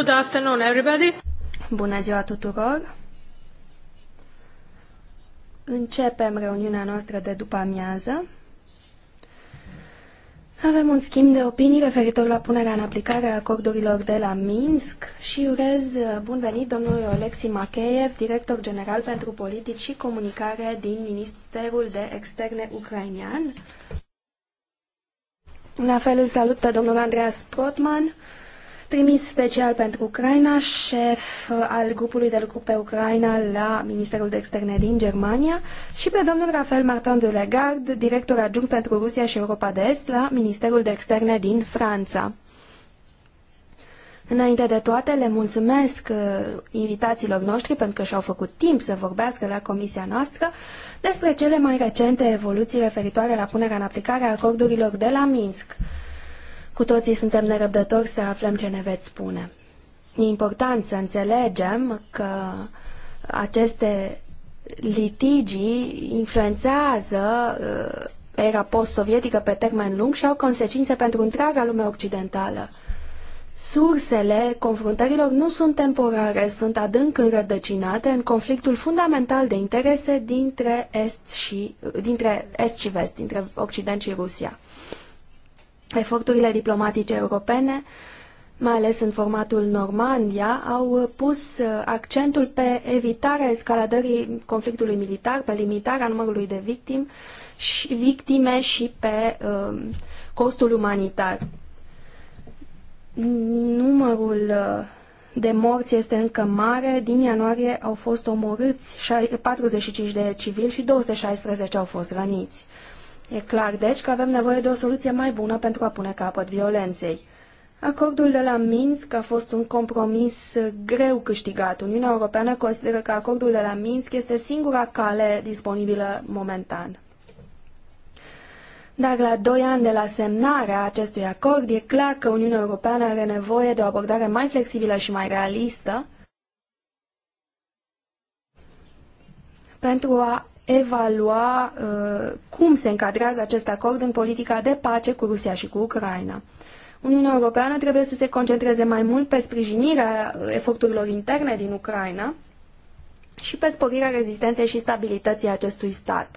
Good afternoon, everybody. Bună ziua tuturor. Începem reuniunea noastră de după amiază. Avem un schimb de opinii referitor la punerea în aplicare a acordurilor de la Minsk și urez uh, bun venit domnului Olexi Makeyev, director general pentru politici și comunicare din Ministerul de Externe ucrainean. La fel îl salut pe domnul Andreas Protman, trimis special pentru Ucraina, șef al grupului de lucru pe Ucraina la Ministerul de Externe din Germania și pe domnul Rafael Martin de Legard, director adjunct pentru Rusia și Europa de Est la Ministerul de Externe din Franța. Înainte de toate, le mulțumesc uh, invitațiilor noștri pentru că și-au făcut timp să vorbească la comisia noastră despre cele mai recente evoluții referitoare la punerea în aplicare a acordurilor de la Minsk. Cu toții suntem nerăbdători să aflăm ce ne veți spune. E important să înțelegem că aceste litigii influențează uh, era post-sovietică pe termen lung și au consecințe pentru întreaga lume occidentală. Sursele confruntărilor nu sunt temporare, sunt adânc înrădăcinate în conflictul fundamental de interese dintre Est și, dintre Est și Vest, dintre Occident și Rusia. Eforturile diplomatice europene, mai ales în formatul Normandia, au pus uh, accentul pe evitarea escaladării conflictului militar, pe limitarea numărului de victim și, victime și pe uh, costul umanitar. Numărul uh, de morți este încă mare. Din ianuarie au fost omorâți 45 de civili și 216 au fost răniți. E clar, deci, că avem nevoie de o soluție mai bună pentru a pune capăt violenței. Acordul de la Minsk a fost un compromis greu câștigat. Uniunea Europeană consideră că acordul de la Minsk este singura cale disponibilă momentan. Dar la doi ani de la semnarea acestui acord, e clar că Uniunea Europeană are nevoie de o abordare mai flexibilă și mai realistă pentru a evalua uh, cum se încadrează acest acord în politica de pace cu Rusia și cu Ucraina. Uniunea Europeană trebuie să se concentreze mai mult pe sprijinirea eforturilor interne din Ucraina și pe sporirea rezistenței și stabilității acestui stat.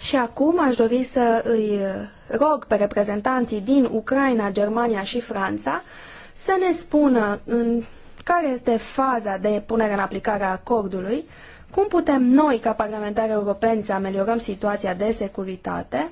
Și acum aș dori să îi rog pe reprezentanții din Ucraina, Germania și Franța să ne spună în care este faza de punere în aplicare a acordului, cum putem noi, ca parlamentari europeni, să ameliorăm situația de securitate?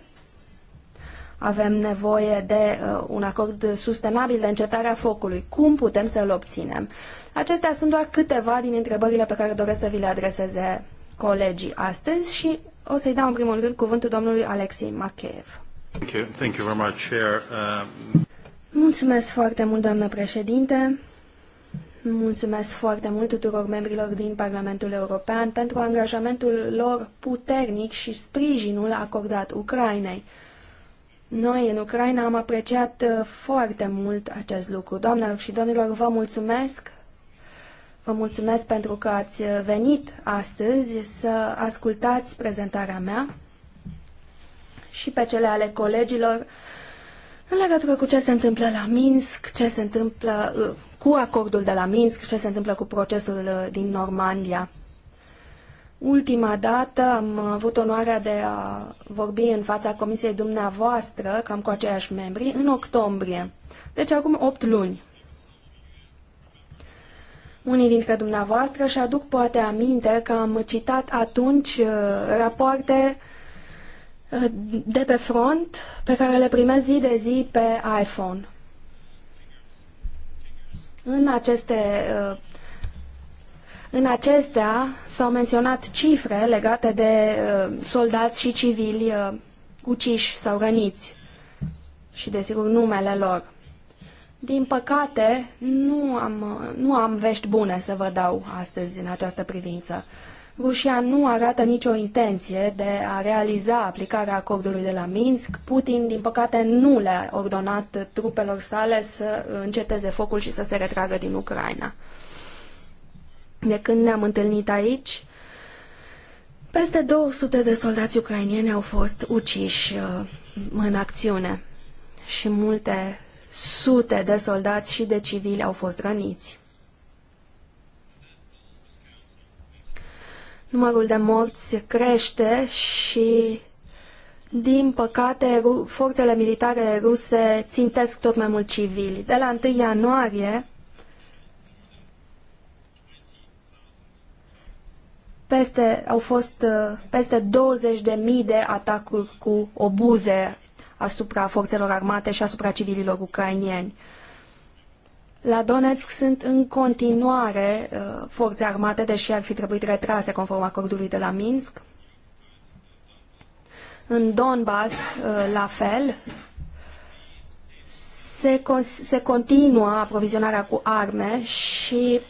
Avem nevoie de uh, un acord sustenabil de încetarea focului. Cum putem să-l obținem? Acestea sunt doar câteva din întrebările pe care doresc să vi le adreseze colegii astăzi și o să-i dau în primul rând cuvântul domnului Alexei Macheev. Thank you. Thank you very much, Chair. Uh... Mulțumesc foarte mult, doamnă președinte. Mulțumesc foarte mult tuturor membrilor din Parlamentul European pentru angajamentul lor puternic și sprijinul acordat Ucrainei. Noi în Ucraina am apreciat uh, foarte mult acest lucru. Doamnelor și domnilor, vă mulțumesc. Vă mulțumesc pentru că ați uh, venit astăzi să ascultați prezentarea mea și pe cele ale colegilor în legătură cu ce se întâmplă la Minsk, ce se întâmplă uh, cu acordul de la Minsk, ce se întâmplă cu procesul uh, din Normandia. Ultima dată am avut onoarea de a vorbi în fața comisiei dumneavoastră, cam cu aceiași membri, în octombrie, deci acum 8 luni. Unii dintre dumneavoastră și aduc poate aminte că am citat atunci uh, rapoarte uh, de pe front pe care le primesc zi de zi pe iPhone. În aceste uh, în acestea s-au menționat cifre legate de uh, soldați și civili uh, uciși sau răniți și, desigur, numele lor. Din păcate, nu am, nu am vești bune să vă dau astăzi în această privință. Rusia nu arată nicio intenție de a realiza aplicarea acordului de la Minsk. Putin, din păcate, nu le-a ordonat trupelor sale să înceteze focul și să se retragă din Ucraina. De când ne-am întâlnit aici, peste 200 de soldați ucrainieni au fost uciși uh, în acțiune și multe sute de soldați și de civili au fost răniți. numărul de morți crește și, din păcate, forțele militare ruse țintesc tot mai mult civili. De la 1 ianuarie, peste, au fost peste 20.000 de atacuri cu obuze asupra forțelor armate și asupra civililor ucrainieni. La Donetsk sunt în continuare uh, forțe armate, deși ar fi trebuit retrase conform acordului de la Minsk. În Donbass, uh, la fel, se, se continuă aprovizionarea cu arme și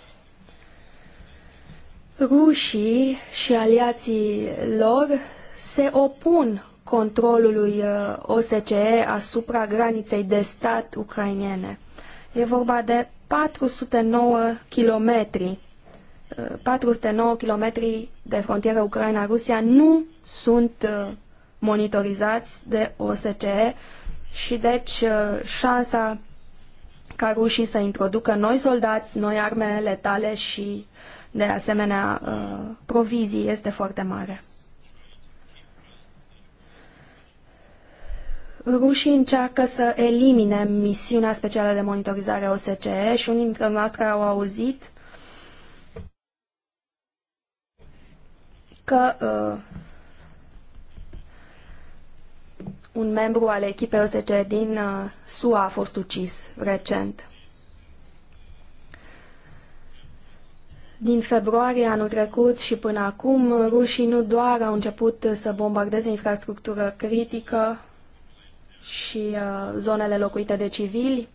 rușii și aliații lor se opun controlului uh, OSCE asupra graniței de stat ucrainene. E vorba de 409 kilometri. 409 uh, kilometri de frontieră Ucraina-Rusia nu sunt uh, monitorizați de OSCE și deci uh, șansa ca rușii să introducă noi soldați, noi arme letale și de asemenea provizii este foarte mare. Rușii încearcă să elimine misiunea specială de monitorizare OSCE și unii dintre noastre au auzit că uh, un membru al echipei OSCE din uh, SUA a fost ucis recent. Din februarie anul trecut și până acum, rușii nu doar au început să bombardeze infrastructură critică, și uh, zonele locuite de civili,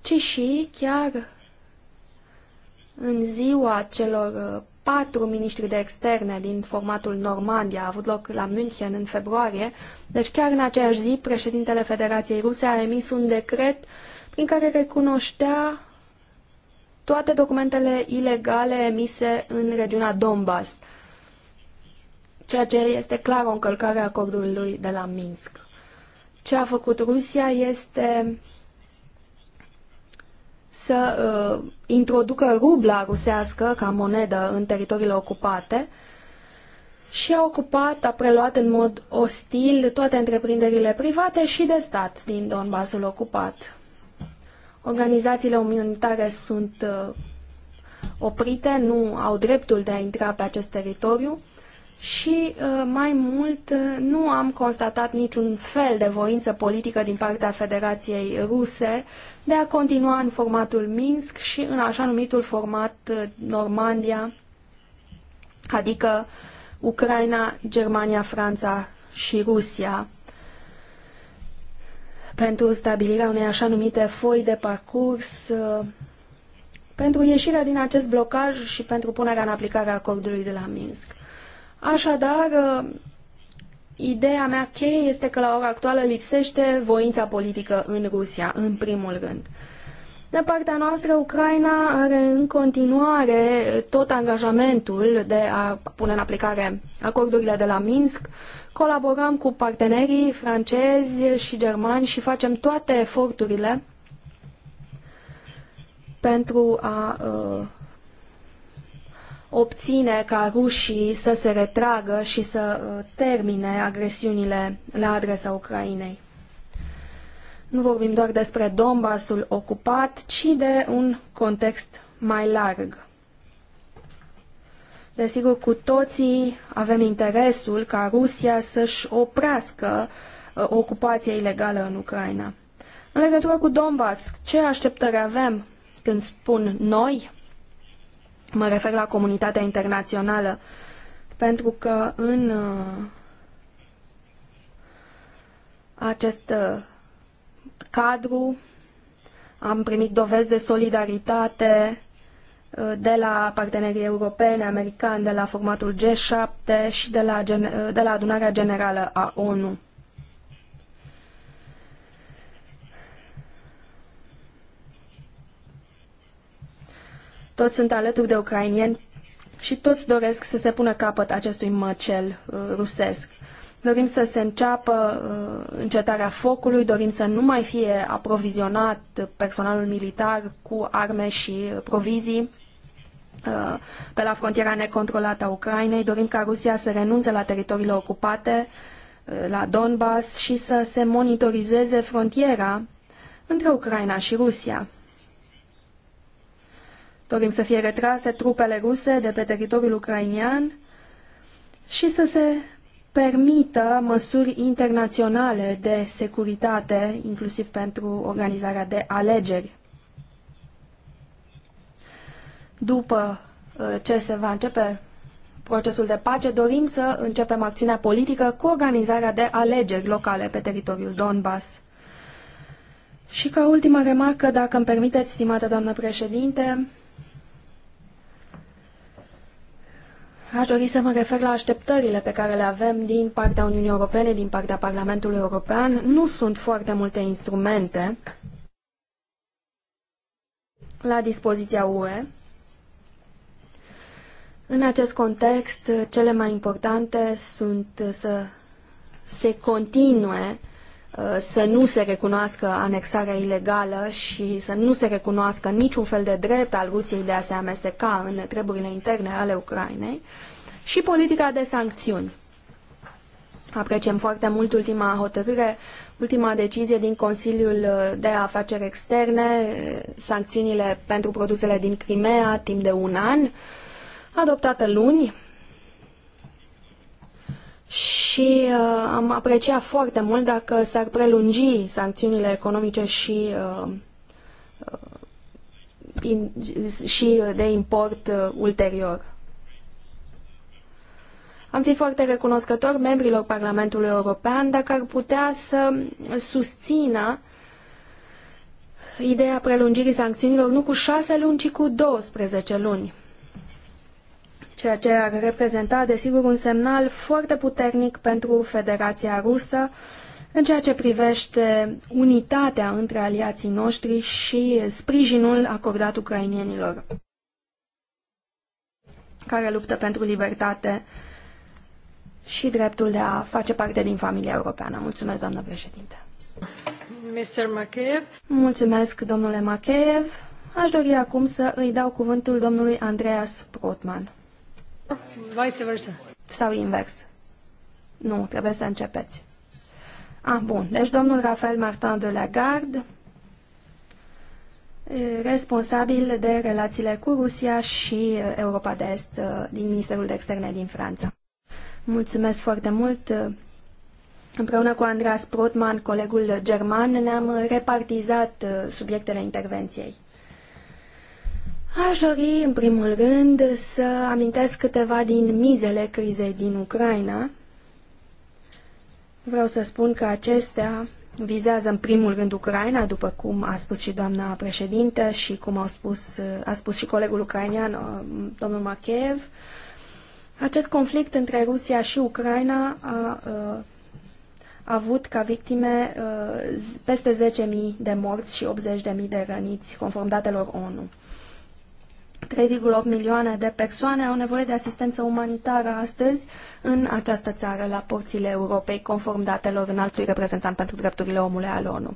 ci și chiar în ziua celor uh, patru miniștri de externe din formatul Normandia a avut loc la München în februarie, deci chiar în aceeași zi președintele Federației Ruse a emis un decret prin care recunoștea toate documentele ilegale emise în regiunea Donbass ceea ce este clar o încălcare a acordului de la Minsk. Ce a făcut Rusia este să uh, introducă rubla rusească ca monedă în teritoriile ocupate și a ocupat, a preluat în mod ostil toate întreprinderile private și de stat din Donbasul ocupat. Organizațiile umanitare sunt uh, oprite, nu au dreptul de a intra pe acest teritoriu și uh, mai mult uh, nu am constatat niciun fel de voință politică din partea Federației Ruse de a continua în formatul Minsk și în așa numitul format uh, Normandia, adică Ucraina, Germania, Franța și Rusia pentru stabilirea unei așa numite foi de parcurs, pentru ieșirea din acest blocaj și pentru punerea în aplicare a acordului de la Minsk. Așadar, ă, ideea mea cheie este că la ora actuală lipsește voința politică în Rusia, în primul rând. De partea noastră, Ucraina are în continuare tot angajamentul de a pune în aplicare acordurile de la Minsk. Colaborăm cu partenerii francezi și germani și facem toate eforturile pentru a uh, obține ca rușii să se retragă și să uh, termine agresiunile la adresa Ucrainei. Nu vorbim doar despre Donbasul ocupat, ci de un context mai larg. Desigur, cu toții avem interesul ca Rusia să-și oprească uh, ocupația ilegală în Ucraina. În legătură cu Donbass, ce așteptări avem când spun noi? Mă refer la comunitatea internațională, pentru că în uh, acest uh, cadru am primit dovezi de solidaritate uh, de la partenerii europene, americani, de la formatul G7 și de la, de la adunarea generală a ONU. toți sunt alături de ucrainieni și toți doresc să se pună capăt acestui măcel uh, rusesc. Dorim să se înceapă uh, încetarea focului, dorim să nu mai fie aprovizionat personalul militar cu arme și provizii uh, pe la frontiera necontrolată a Ucrainei. Dorim ca Rusia să renunțe la teritoriile ocupate, la Donbass și să se monitorizeze frontiera între Ucraina și Rusia. Dorim să fie retrase trupele ruse de pe teritoriul ucrainian și să se permită măsuri internaționale de securitate, inclusiv pentru organizarea de alegeri. După uh, ce se va începe procesul de pace, dorim să începem acțiunea politică cu organizarea de alegeri locale pe teritoriul Donbass. Și ca ultimă remarcă, dacă îmi permiteți, stimată doamnă președinte, Aș dori să mă refer la așteptările pe care le avem din partea Uniunii Europene, din partea Parlamentului European. Nu sunt foarte multe instrumente la dispoziția UE. În acest context, cele mai importante sunt să se continue să nu se recunoască anexarea ilegală și să nu se recunoască niciun fel de drept al Rusiei de a se amesteca în treburile interne ale Ucrainei și politica de sancțiuni. Apreciem foarte mult ultima hotărâre, ultima decizie din Consiliul de Afaceri Externe, sancțiunile pentru produsele din Crimea timp de un an, adoptată luni, și uh, am apreciat foarte mult dacă s-ar prelungi sancțiunile economice și, uh, uh, in, și de import uh, ulterior. Am fi foarte recunoscător membrilor Parlamentului European dacă ar putea să susțină ideea prelungirii sancțiunilor nu cu șase luni, ci cu 12 luni ceea ce ar reprezenta, desigur, un semnal foarte puternic pentru Federația Rusă în ceea ce privește unitatea între aliații noștri și sprijinul acordat ucrainienilor care luptă pentru libertate și dreptul de a face parte din familia europeană. Mulțumesc, doamnă președinte. Mr. Makeev. Mulțumesc, domnule Makeev. Aș dori acum să îi dau cuvântul domnului Andreas Protman. Vice versa. Sau invers. Nu, trebuie să începeți. Ah, bun. Deci domnul Rafael Martin de la Garde, responsabil de relațiile cu Rusia și Europa de Est din Ministerul de Externe din Franța. Mulțumesc foarte mult. Împreună cu Andreas Protman, colegul german, ne-am repartizat subiectele intervenției. Aș dori, în primul rând, să amintesc câteva din mizele crizei din Ucraina. Vreau să spun că acestea vizează în primul rând Ucraina, după cum a spus și doamna președinte, și cum au spus, a spus și colegul ucrainean, uh, domnul Makev. Acest conflict între Rusia și Ucraina a, a, uh, a avut ca victime a, uh, peste 10.000 de morți și 80.000 de răniți, conform datelor ONU. 3,8 milioane de persoane au nevoie de asistență umanitară astăzi în această țară, la porțile Europei, conform datelor înaltui reprezentant pentru drepturile omului al ONU.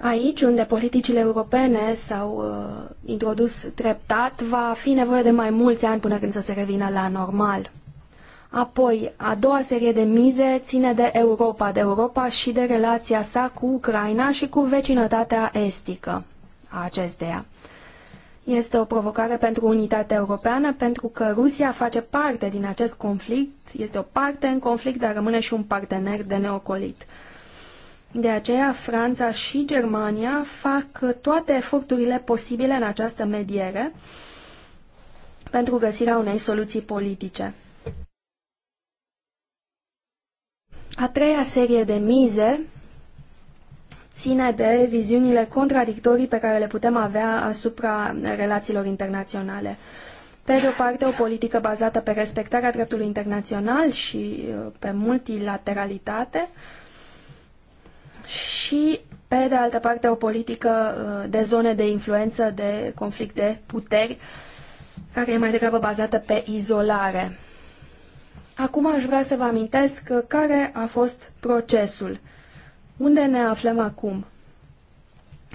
Aici, unde politicile europene s-au uh, introdus treptat, va fi nevoie de mai mulți ani până când să se revină la normal. Apoi, a doua serie de mize ține de Europa, de Europa și de relația sa cu Ucraina și cu vecinătatea estică a acesteia. Este o provocare pentru unitatea europeană, pentru că Rusia face parte din acest conflict, este o parte în conflict, dar rămâne și un partener de neocolit. De aceea, Franța și Germania fac toate eforturile posibile în această mediere pentru găsirea unei soluții politice. A treia serie de mize ține de viziunile contradictorii pe care le putem avea asupra relațiilor internaționale. Pe de o parte, o politică bazată pe respectarea dreptului internațional și uh, pe multilateralitate și, pe de altă parte, o politică uh, de zone de influență, de conflict de puteri, care e mai degrabă bazată pe izolare. Acum aș vrea să vă amintesc uh, care a fost procesul unde ne aflăm acum?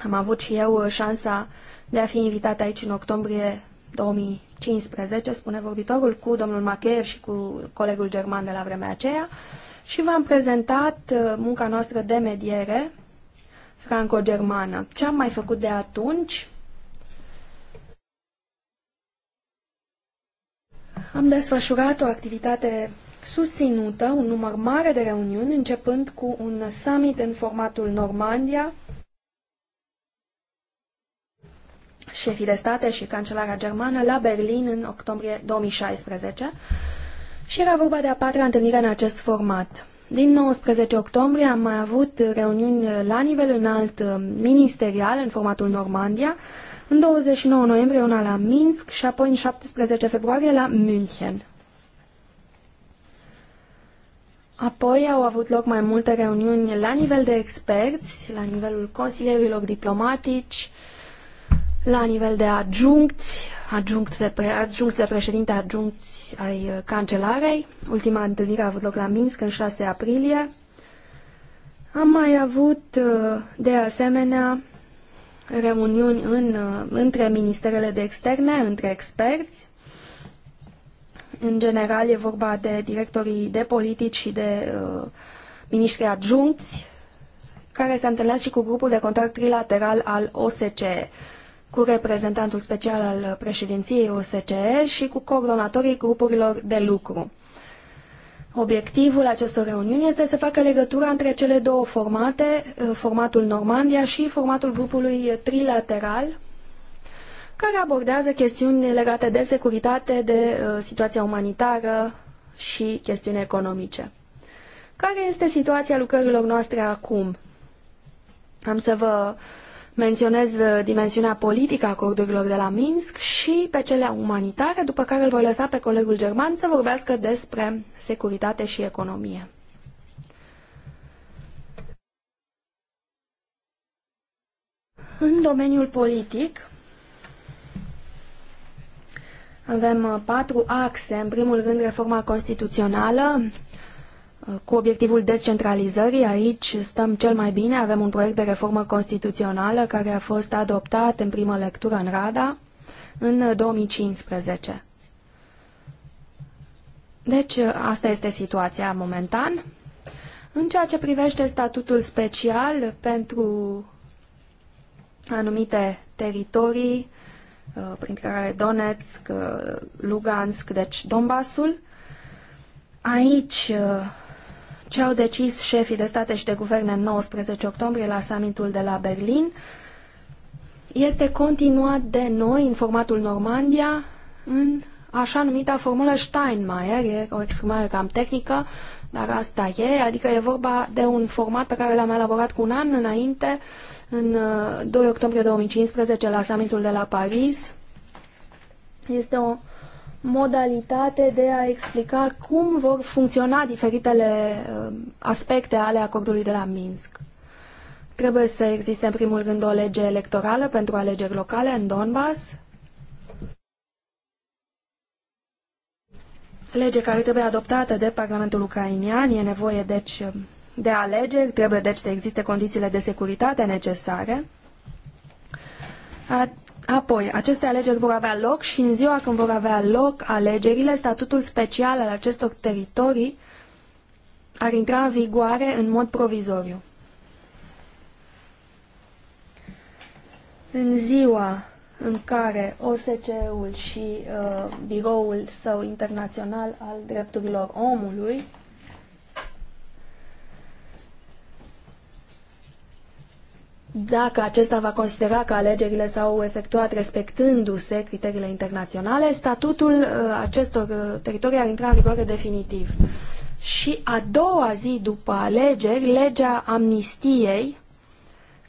Am avut și eu uh, șansa de a fi invitat aici în octombrie 2015, spune vorbitorul, cu domnul Macheev și cu colegul german de la vremea aceea și v-am prezentat uh, munca noastră de mediere franco-germană. Ce am mai făcut de atunci? Am desfășurat o activitate susținută un număr mare de reuniuni, începând cu un summit în formatul Normandia, șefii de state și cancelarea germană la Berlin în octombrie 2016 și era vorba de a patra întâlnire în acest format. Din 19 octombrie am mai avut reuniuni la nivel înalt uh, ministerial în formatul Normandia, în 29 noiembrie una la Minsk și apoi în 17 februarie la München. Apoi au avut loc mai multe reuniuni la nivel de experți, la nivelul consilierilor diplomatici, la nivel de adjuncți, adjunct de, pre, adjuncți de președinte, adjuncți ai uh, cancelarei. Ultima întâlnire a avut loc la Minsk în 6 aprilie. Am mai avut, uh, de asemenea, reuniuni în, uh, între ministerele de externe, între experți. În general e vorba de directorii de politici și de uh, miniștri adjuncți care se întâlnesc și cu grupul de contact trilateral al OSCE, cu reprezentantul special al președinției OSCE și cu coordonatorii grupurilor de lucru. Obiectivul acestor reuniuni este să facă legătura între cele două formate, uh, formatul Normandia și formatul grupului trilateral, care abordează chestiuni legate de securitate, de uh, situația umanitară și chestiuni economice. Care este situația lucrărilor noastre acum? Am să vă menționez uh, dimensiunea politică a acordurilor de la Minsk și pe cele umanitare, după care îl voi lăsa pe colegul german să vorbească despre securitate și economie. În domeniul politic, avem uh, patru axe. În primul rând, reforma constituțională uh, cu obiectivul descentralizării. Aici stăm cel mai bine. Avem un proiect de reformă constituțională care a fost adoptat în primă lectură în Rada în 2015. Uh, deci, asta este situația momentan. În ceea ce privește statutul special pentru anumite teritorii, printre uh, care Donetsk, uh, Lugansk, deci Donbasul. Aici uh, ce au decis șefii de state și de guverne în 19 octombrie la summitul de la Berlin este continuat de noi în formatul Normandia în așa numita formulă Steinmeier, e o exprimare cam tehnică, dar asta e, adică e vorba de un format pe care l-am elaborat cu un an înainte uh, în 2 uh, octombrie 2015 la summitul de la Paris. Este o modalitate de a explica cum vor funcționa diferitele uh, aspecte ale acordului de la Minsk. Trebuie să existe în primul rând o lege electorală pentru alegeri locale în Donbass, lege care trebuie adoptată de Parlamentul ucrainian, e nevoie deci um, de alegeri, trebuie deci să existe condițiile de securitate necesare. A, apoi, aceste alegeri vor avea loc și în ziua când vor avea loc alegerile, statutul special al acestor teritorii ar intra în vigoare în mod provizoriu. În ziua în care OSCE-ul și uh, biroul său internațional al drepturilor omului Dacă acesta va considera că alegerile s-au efectuat respectându-se criteriile internaționale, statutul uh, acestor uh, teritorii ar intra în vigoare definitiv. Și a doua zi după alegeri, legea amnistiei,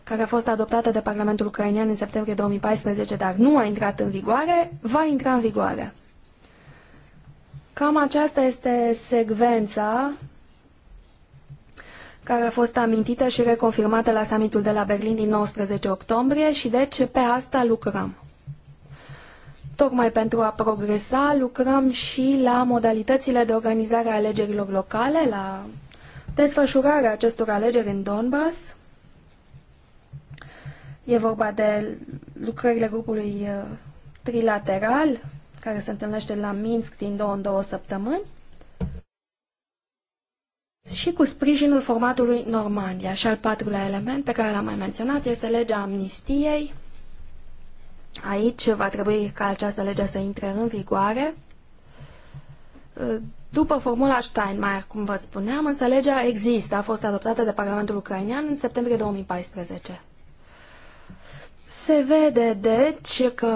care a fost adoptată de Parlamentul ucrainean în septembrie 2014, dar nu a intrat în vigoare, va intra în vigoare. Cam aceasta este secvența care a fost amintită și reconfirmată la summitul de la Berlin din 19 octombrie și deci pe asta lucrăm. Tocmai pentru a progresa lucrăm și la modalitățile de organizare a alegerilor locale, la desfășurarea acestor alegeri în Donbass. E vorba de lucrările grupului uh, trilateral, care se întâlnește la Minsk din două în două săptămâni și cu sprijinul formatului Normandia. Și al patrulea element pe care l-am mai menționat este legea amnistiei. Aici va trebui ca această lege să intre în vigoare. După formula Steinmeier, cum vă spuneam, însă legea există, a fost adoptată de Parlamentul Ucrainean în septembrie 2014. Se vede, deci, că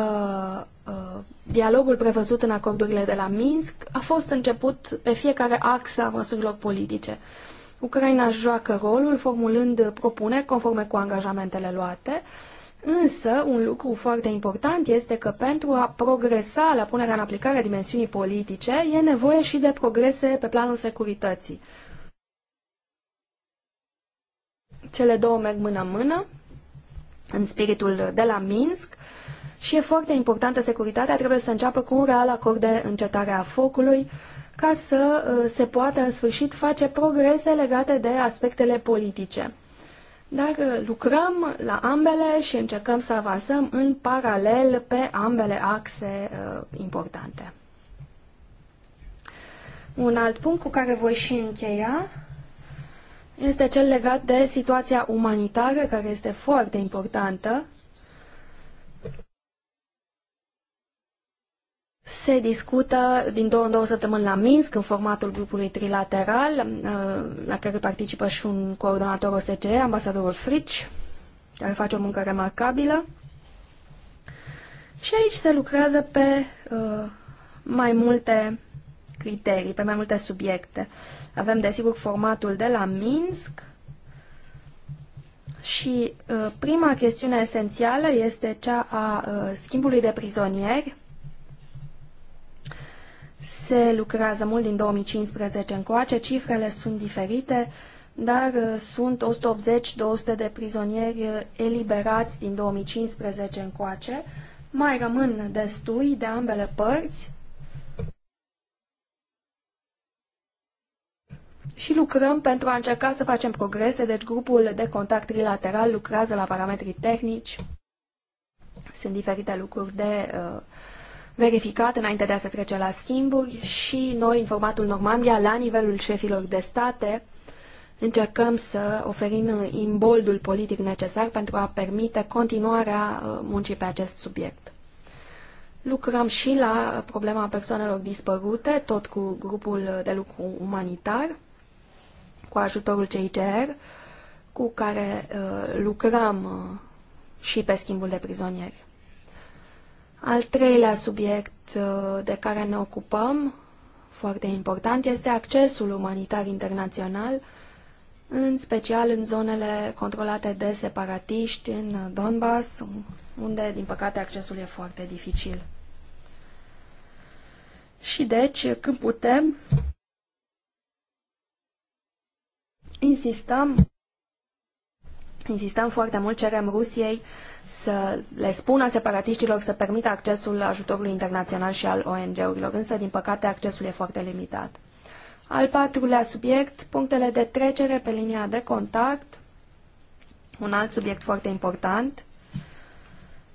dialogul prevăzut în acordurile de la Minsk a fost început pe fiecare axă a măsurilor politice. Ucraina joacă rolul formulând propuneri conforme cu angajamentele luate, însă un lucru foarte important este că pentru a progresa la punerea în aplicare a dimensiunii politice e nevoie și de progrese pe planul securității. Cele două merg mână-mână în spiritul de la Minsk, uh, și e foarte importantă securitatea, trebuie să înceapă cu un real acord de încetare a focului ca să uh, se poată în sfârșit face progrese legate de aspectele politice. Dar uh, lucrăm la ambele și încercăm să avansăm în paralel pe ambele axe uh, importante. Un alt punct cu care voi și încheia este cel legat de situația umanitară, care este foarte importantă se discută din două în două săptămâni la Minsk, în formatul grupului trilateral, uh, la care participă și un coordonator OSCE, ambasadorul Frici, care face o muncă remarcabilă. Și aici se lucrează pe uh, mai multe criterii, pe mai multe subiecte. Avem, desigur, formatul de la Minsk și uh, prima chestiune esențială este cea a schimbului de prizonieri, se lucrează mult din 2015 încoace, cifrele sunt diferite, dar uh, sunt 180-200 de prizonieri uh, eliberați din 2015 încoace. Mai rămân destui de ambele părți și lucrăm pentru a încerca să facem progrese, deci grupul de contact trilateral lucrează la parametrii tehnici. Sunt diferite lucruri de uh, verificat înainte de a se trece la schimburi și noi, în formatul Normandia, la nivelul șefilor de state, încercăm să oferim imboldul politic necesar pentru a permite continuarea uh, muncii pe acest subiect. Lucrăm și la problema persoanelor dispărute, tot cu grupul de lucru umanitar, cu ajutorul CICR, cu care uh, lucrăm uh, și pe schimbul de prizonieri. Al treilea subiect uh, de care ne ocupăm, foarte important, este accesul umanitar internațional, în special în zonele controlate de separatiști, în Donbass, unde, din păcate, accesul e foarte dificil. Și deci, când putem, insistăm, insistăm foarte mult, cerem Rusiei uh, să le spună separatiștilor să permită accesul ajutorului internațional și al ONG-urilor, însă, din păcate, accesul e foarte limitat. Al patrulea subiect, punctele de trecere pe linia de contact, un alt subiect foarte important,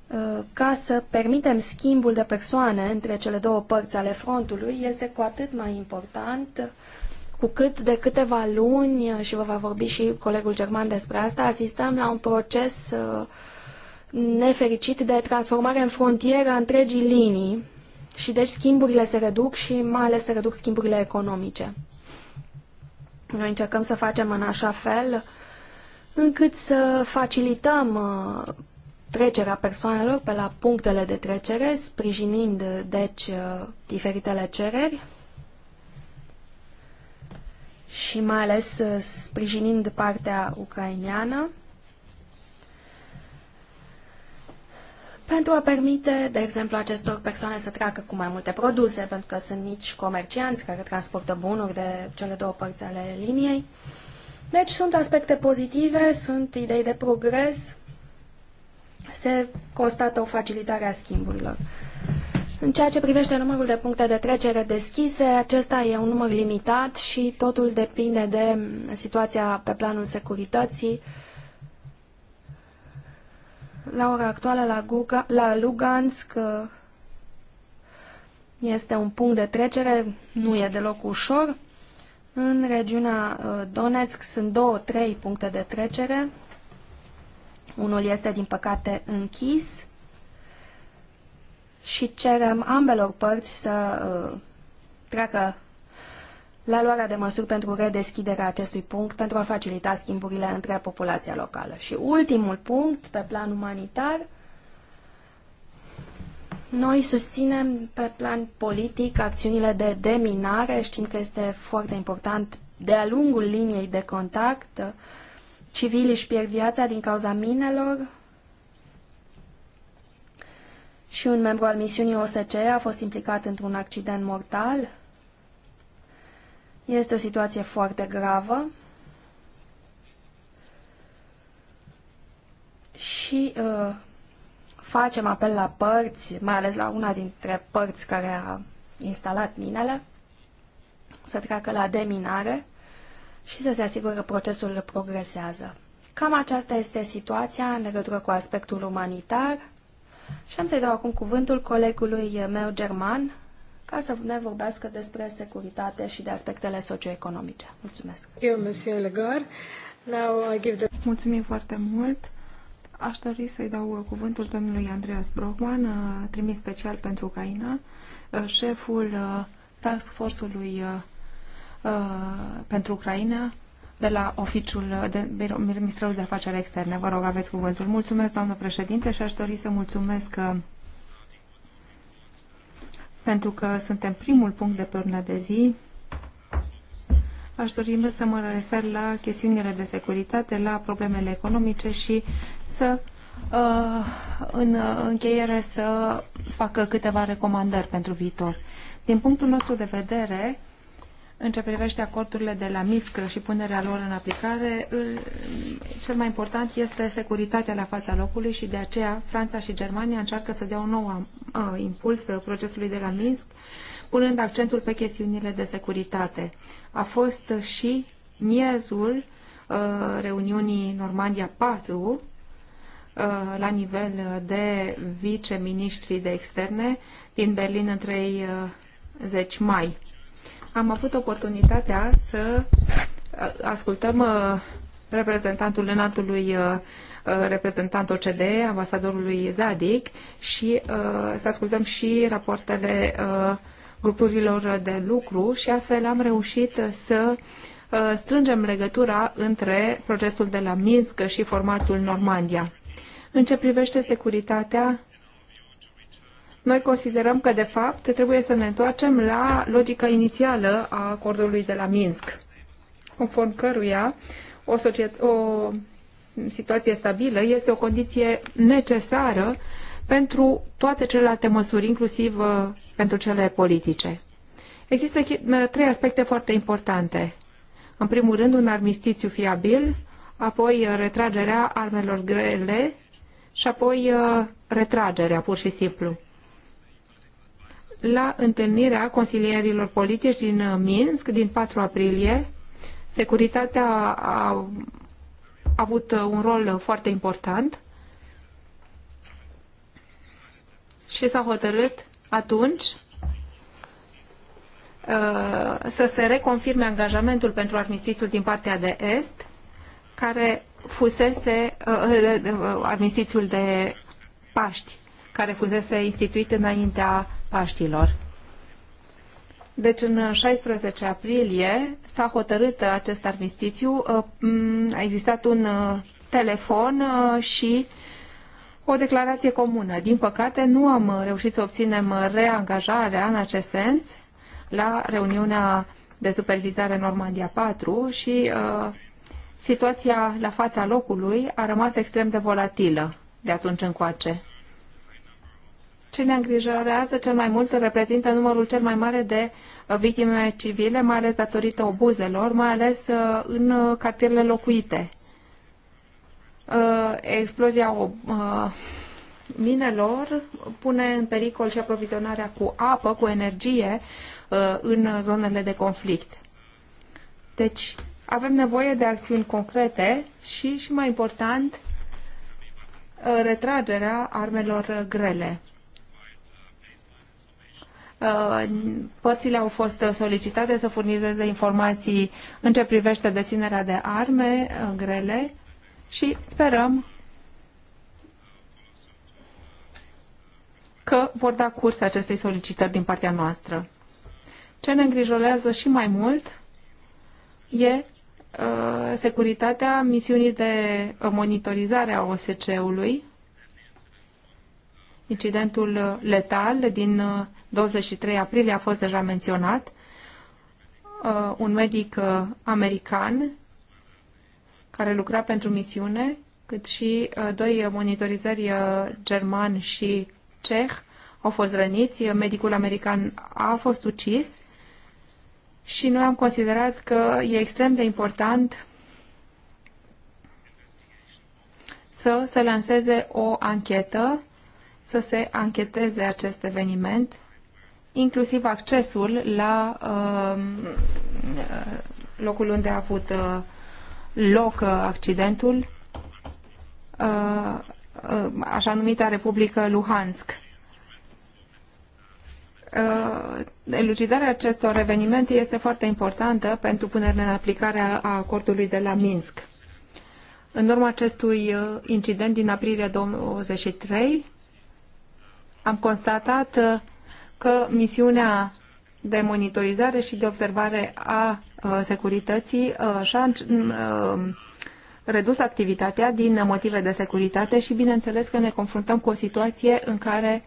uh, ca să permitem schimbul de persoane între cele două părți ale frontului, este cu atât mai important cu cât de câteva luni, și vă va vorbi și colegul german despre asta, asistăm la un proces uh, nefericit de transformarea în frontieră a întregii linii și deci schimburile se reduc și mai ales se reduc schimburile economice. Noi încercăm să facem în așa fel încât să facilităm uh, trecerea persoanelor pe la punctele de trecere, sprijinind deci uh, diferitele cereri și mai ales uh, sprijinind partea ucraineană. pentru a permite, de exemplu, acestor persoane să treacă cu mai multe produse, pentru că sunt mici comercianți care transportă bunuri de cele două părți ale liniei. Deci sunt aspecte pozitive, sunt idei de progres, se constată o facilitare a schimburilor. În ceea ce privește numărul de puncte de trecere deschise, acesta e un număr limitat și totul depinde de situația pe planul securității, uh, la ora actuală la, Guga, la Lugansk este un punct de trecere, nu e deloc ușor. În regiunea uh, Donetsk sunt două, trei puncte de trecere. Unul este, din păcate, închis și cerem ambelor părți să uh, treacă la luarea de măsuri pentru redeschiderea acestui punct pentru a facilita schimburile între populația locală. Și ultimul punct, pe plan umanitar, noi susținem pe plan politic acțiunile de deminare, știm că este foarte important de-a lungul liniei de contact, civilii își pierd viața din cauza minelor, și un membru al misiunii OSCE a fost implicat într-un accident mortal. Este o situație foarte gravă și uh, facem apel la părți, mai ales la una dintre părți care a instalat minele, să treacă la deminare și să se asigure că procesul progresează. Cam aceasta este situația în legătură cu aspectul umanitar și am să-i dau acum cuvântul colegului meu german, ca să ne vorbească despre securitate și de aspectele socioeconomice. Mulțumesc! Eu, Monsieur Legar, now I give the... Mulțumim foarte mult! Aș dori să-i dau cuvântul domnului Andreas Brohman, uh, trimis special pentru Ucraina, uh, șeful uh, Task Force-ului pentru Ucraina, de la oficiul de Ministerului de Afaceri Externe. Vă rog, aveți cuvântul. Mulțumesc, doamnă președinte, și aș dori să mulțumesc pentru că suntem primul punct de pe urmă de zi, aș dori să mă refer la chestiunile de securitate, la problemele economice și să uh, în încheiere să facă câteva recomandări pentru viitor. Din punctul nostru de vedere, în ce privește acordurile de la MISC și punerea lor în aplicare, cel mai important este securitatea la fața locului și de aceea Franța și Germania încearcă să dea un nou impuls procesului de la MISC, punând accentul pe chestiunile de securitate. A fost și miezul reuniunii Normandia 4, la nivel de viceministrii de externe din Berlin în 30 mai am avut oportunitatea să uh, ascultăm uh, reprezentantul înaltului uh, reprezentant OCD, ambasadorului Zadic și să ascultăm și rapoartele grupurilor de lucru și astfel am reușit să strângem legătura între procesul de la Minsk și formatul Normandia. În ce privește securitatea, noi considerăm că, de fapt, trebuie să ne întoarcem la logica inițială a acordului de la Minsk, conform căruia o, societ- o situație stabilă este o condiție necesară pentru toate celelalte măsuri, inclusiv uh, pentru cele politice. Există uh, trei aspecte foarte importante. În primul rând, un armistițiu fiabil, apoi uh, retragerea armelor grele și apoi retragerea, pur și simplu la întâlnirea consilierilor politici din uh, Minsk din 4 aprilie. Securitatea a avut uh, un rol uh, foarte important și s-a hotărât atunci să se reconfirme angajamentul pentru armistițiul din partea de Est, care fusese armistițiul de Paști, care fusese instituit înaintea Paștilor. Deci în 16 aprilie s-a hotărât acest armistițiu, uh, a existat un uh, telefon uh, și o declarație comună. Din păcate nu am reușit să obținem reangajarea în acest sens la reuniunea de supervizare Normandia 4 și situația la fața locului a rămas extrem de volatilă de atunci încoace. Ce ne îngrijorează cel mai mult reprezintă numărul cel mai mare de uh, victime civile, mai ales datorită obuzelor, mai ales uh, în uh, cartierele locuite. Explozia minelor pune în pericol și aprovizionarea cu apă, cu energie în zonele de conflict. Deci avem nevoie de acțiuni concrete și, și mai important, retragerea armelor grele. Uh, părțile au fost solicitate să furnizeze informații în ce privește deținerea de arme uh, grele și sperăm că vor da curs acestei solicitări din partea noastră. Ce ne îngrijorează și mai mult e uh, securitatea misiunii de monitorizare a OSCE-ului, incidentul letal din 23 aprilie a fost deja menționat, uh, un medic uh, american care lucra pentru misiune, cât și uh, doi monitorizări german și ceh au fost răniți, medicul american a fost ucis și noi am considerat că e extrem de important să se lanseze o anchetă, să se ancheteze acest eveniment inclusiv accesul la um, uh, locul unde a avut uh, loc uh, accidentul, așa numita Republică Luhansk. Elucidarea acestor evenimente este foarte importantă pentru punerea în aplicare a acordului de la Minsk. În urma acestui incident din aprilie 2023, am constatat că misiunea de monitorizare și de observare a uh, securității uh, și-a uh, redus activitatea din motive de securitate și bineînțeles că ne confruntăm cu o situație în care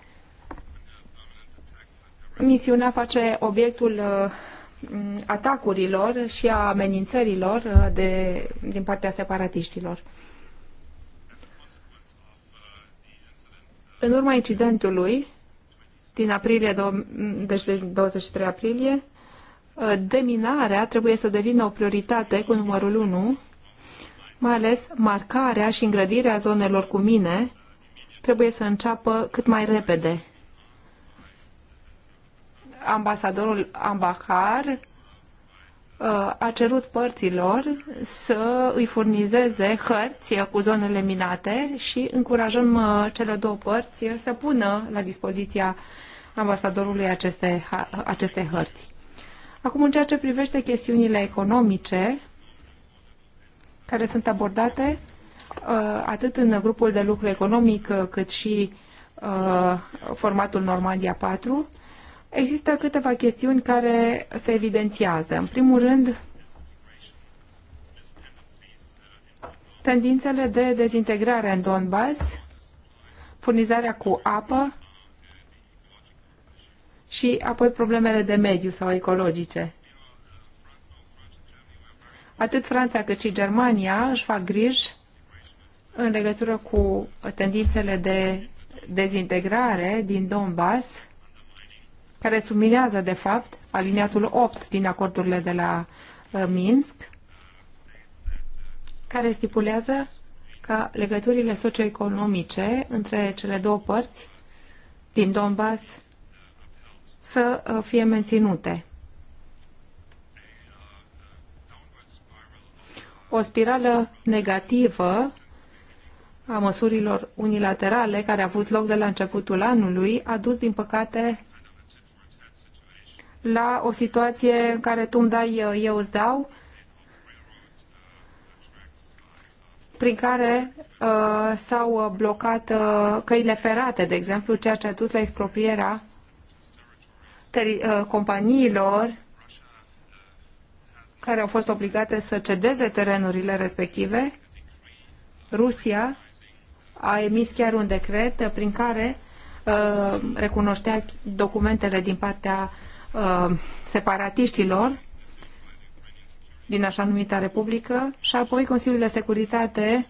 misiunea face obiectul atacurilor și a amenințărilor de, din partea separatiștilor. În urma incidentului din aprilie, deci 23 aprilie, uh, deminarea trebuie să devină o prioritate cu numărul 1, mai ales marcarea și îngrădirea zonelor cu mine trebuie să înceapă cât mai repede. Ambasadorul Ambahar Uh, a cerut părților să îi furnizeze hărți cu zonele minate și încurajăm uh, cele două părți să pună la dispoziția ambasadorului aceste, aceste hărți. Acum, în ceea ce privește chestiunile economice care sunt abordate uh, atât în grupul de lucru economic cât și formatul Normandia 4, Există câteva chestiuni care se evidențiază. În primul rând, tendințele de dezintegrare în Donbass, furnizarea cu apă și apoi problemele de mediu sau ecologice. Atât Franța cât și Germania își fac griji în legătură cu tendințele de dezintegrare din Donbass care subminează, de fapt, aliniatul 8 din acordurile de la uh, Minsk, care stipulează ca legăturile socioeconomice între cele două părți din Donbass să uh, fie menținute. O spirală negativă a măsurilor unilaterale care a avut loc de la începutul anului a dus, din păcate, la o situație în care tu îmi dai, uh, eu îți dau, prin care uh, s-au uh, blocat uh, căile ferate, de exemplu, ceea ce a dus la exproprierea uh, companiilor care au fost obligate să cedeze terenurile respective. Rusia a emis chiar un decret prin care uh, recunoștea documentele din partea uh, Uh, separatiștilor din așa numita Republică și apoi Consiliul de Securitate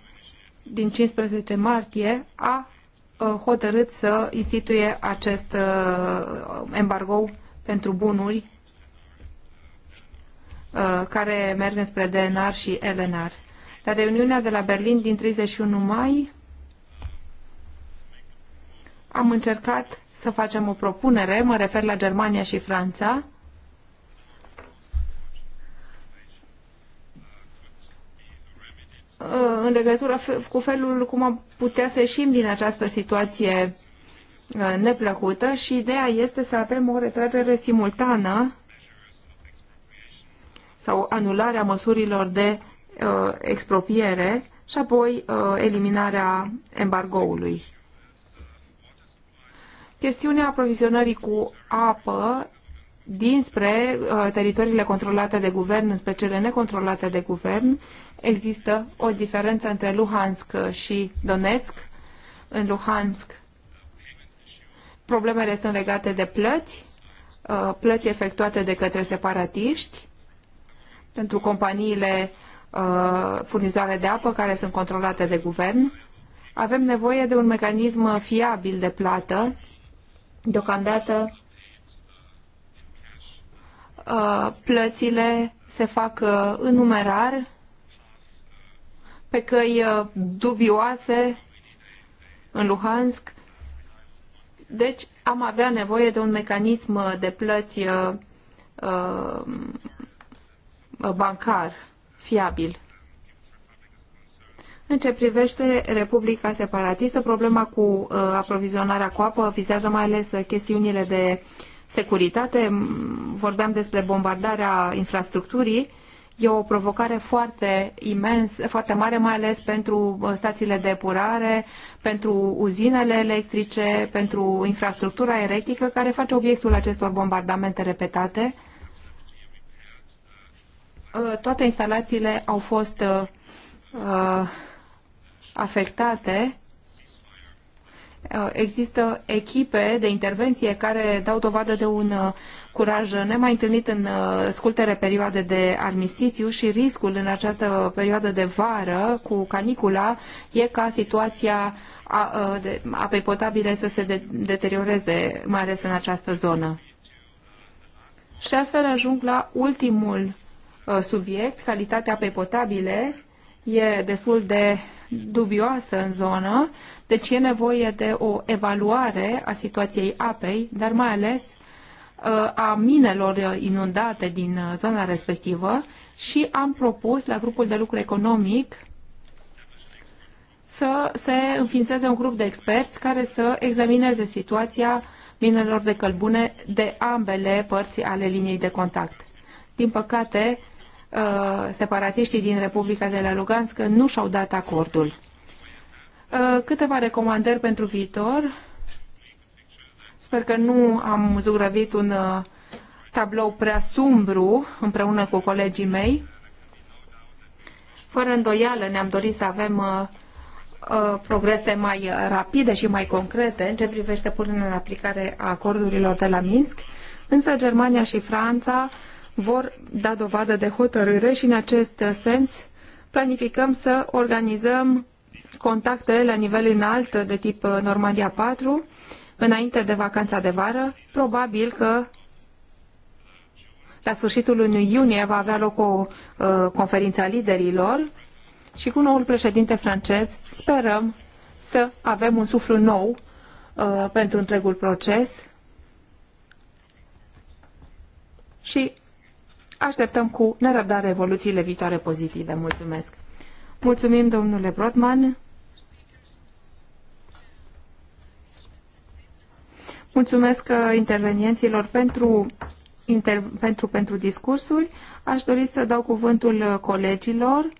din 15 martie a uh, hotărât să instituie acest uh, embargo pentru bunuri care merg înspre DNR și LNR. La reuniunea de la Berlin din 31 mai am încercat să facem o propunere, mă refer la Germania și Franța, în legătură cu felul cum am putea să ieșim din această situație uh, neplăcută și ideea este să avem o retragere simultană sau anularea măsurilor de uh, expropiere și apoi uh, eliminarea embargoului. Chestiunea aprovizionării cu apă dinspre uh, teritoriile controlate de guvern, înspre cele necontrolate de guvern, există o diferență între Luhansk și Donetsk. În Luhansk problemele sunt legate de plăți, uh, plăți efectuate de către separatiști pentru companiile uh, furnizoare de apă care sunt controlate de guvern. Avem nevoie de un mecanism fiabil de plată Deocamdată uh, plățile se fac uh, în numerar pe căi uh, dubioase în Luhansk. Deci am avea nevoie de un mecanism de plăți bancar fiabil. În ce privește Republica Separatistă, problema cu uh, aprovizionarea cu apă vizează mai ales uh, chestiunile de securitate. Vorbeam despre bombardarea infrastructurii. E o provocare foarte imens, foarte mare, mai ales pentru uh, stațiile de epurare, pentru uzinele electrice, pentru infrastructura eretică care face obiectul acestor bombardamente repetate. Uh, toate instalațiile au fost uh, afectate uh, există echipe de intervenție care dau dovadă de un uh, curaj nemai întâlnit în uh, scultere perioade de armistițiu și riscul în această perioadă de vară cu canicula e ca situația apei potabile să se deterioreze, mai ales în această zonă. Și astfel ajung la ultimul subiect, calitatea apei potabile, e destul de dubioasă în zonă, deci e nevoie de o evaluare a situației apei, dar mai ales uh, a minelor inundate din uh, zona respectivă și am propus la grupul de lucru economic să se înființeze un grup de experți care să examineze situația minelor de călbune de ambele părți ale liniei de contact. Din păcate, Uh, separatiștii din Republica de la Lugansk nu și-au dat acordul. Uh, câteva recomandări pentru viitor. Sper că nu am zugrăvit un uh, tablou prea sumbru împreună cu colegii mei. Fără îndoială ne-am dorit să avem progrese mai rapide și mai concrete în ce privește punerea în aplicare a acordurilor de la Minsk, însă Germania și Franța vor da dovadă de hotărâre și în acest sens planificăm să organizăm contacte la nivel înalt de tip Normandia 4 înainte de vacanța de vară. Probabil că la sfârșitul lunii iunie va avea loc o uh, conferință a liderilor și cu noul președinte francez sperăm să avem un suflu nou uh, pentru întregul proces și așteptăm cu nerăbdare evoluțiile viitoare pozitive. Mulțumesc! Mulțumim, domnule Brotman! Mulțumesc uh, intervenienților pentru, inter, pentru, pentru discursuri. Aș dori să dau cuvântul uh, colegilor.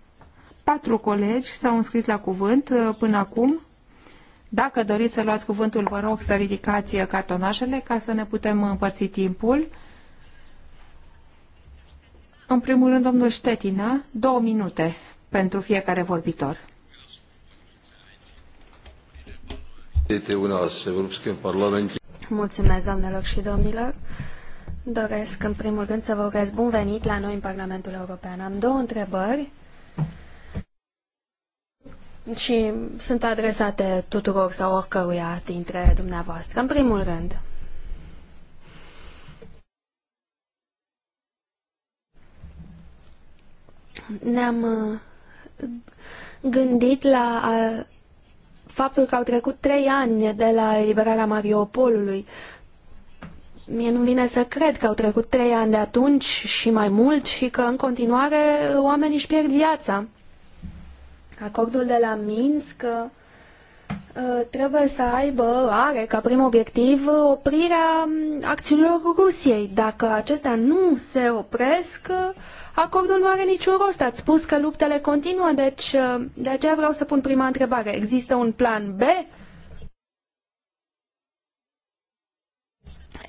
Patru colegi s-au înscris la cuvânt uh, până acum. Dacă doriți să luați cuvântul, vă rog să ridicați cartonașele ca să ne putem împărți timpul. În primul rând, domnul Ștetina, două minute pentru fiecare vorbitor. Mulțumesc, doamnelor și domnilor. Doresc, în primul rând, să vă urez bun venit la noi în Parlamentul European. Am două întrebări și sunt adresate tuturor sau oricăruia dintre dumneavoastră. În primul rând, Ne-am uh, gândit la faptul că au trecut trei ani de la eliberarea Mariupolului. Mie nu vine să cred că au trecut trei ani de atunci și mai mult și că în continuare oamenii își pierd viața. Acordul de la Minsk uh, trebuie să aibă, are ca prim obiectiv oprirea mm, acțiunilor Rusiei. Dacă acestea nu se opresc, uh, Acordul nu are niciun rost. Ați spus că luptele continuă, deci uh, de aceea vreau să pun prima întrebare. Există un plan B?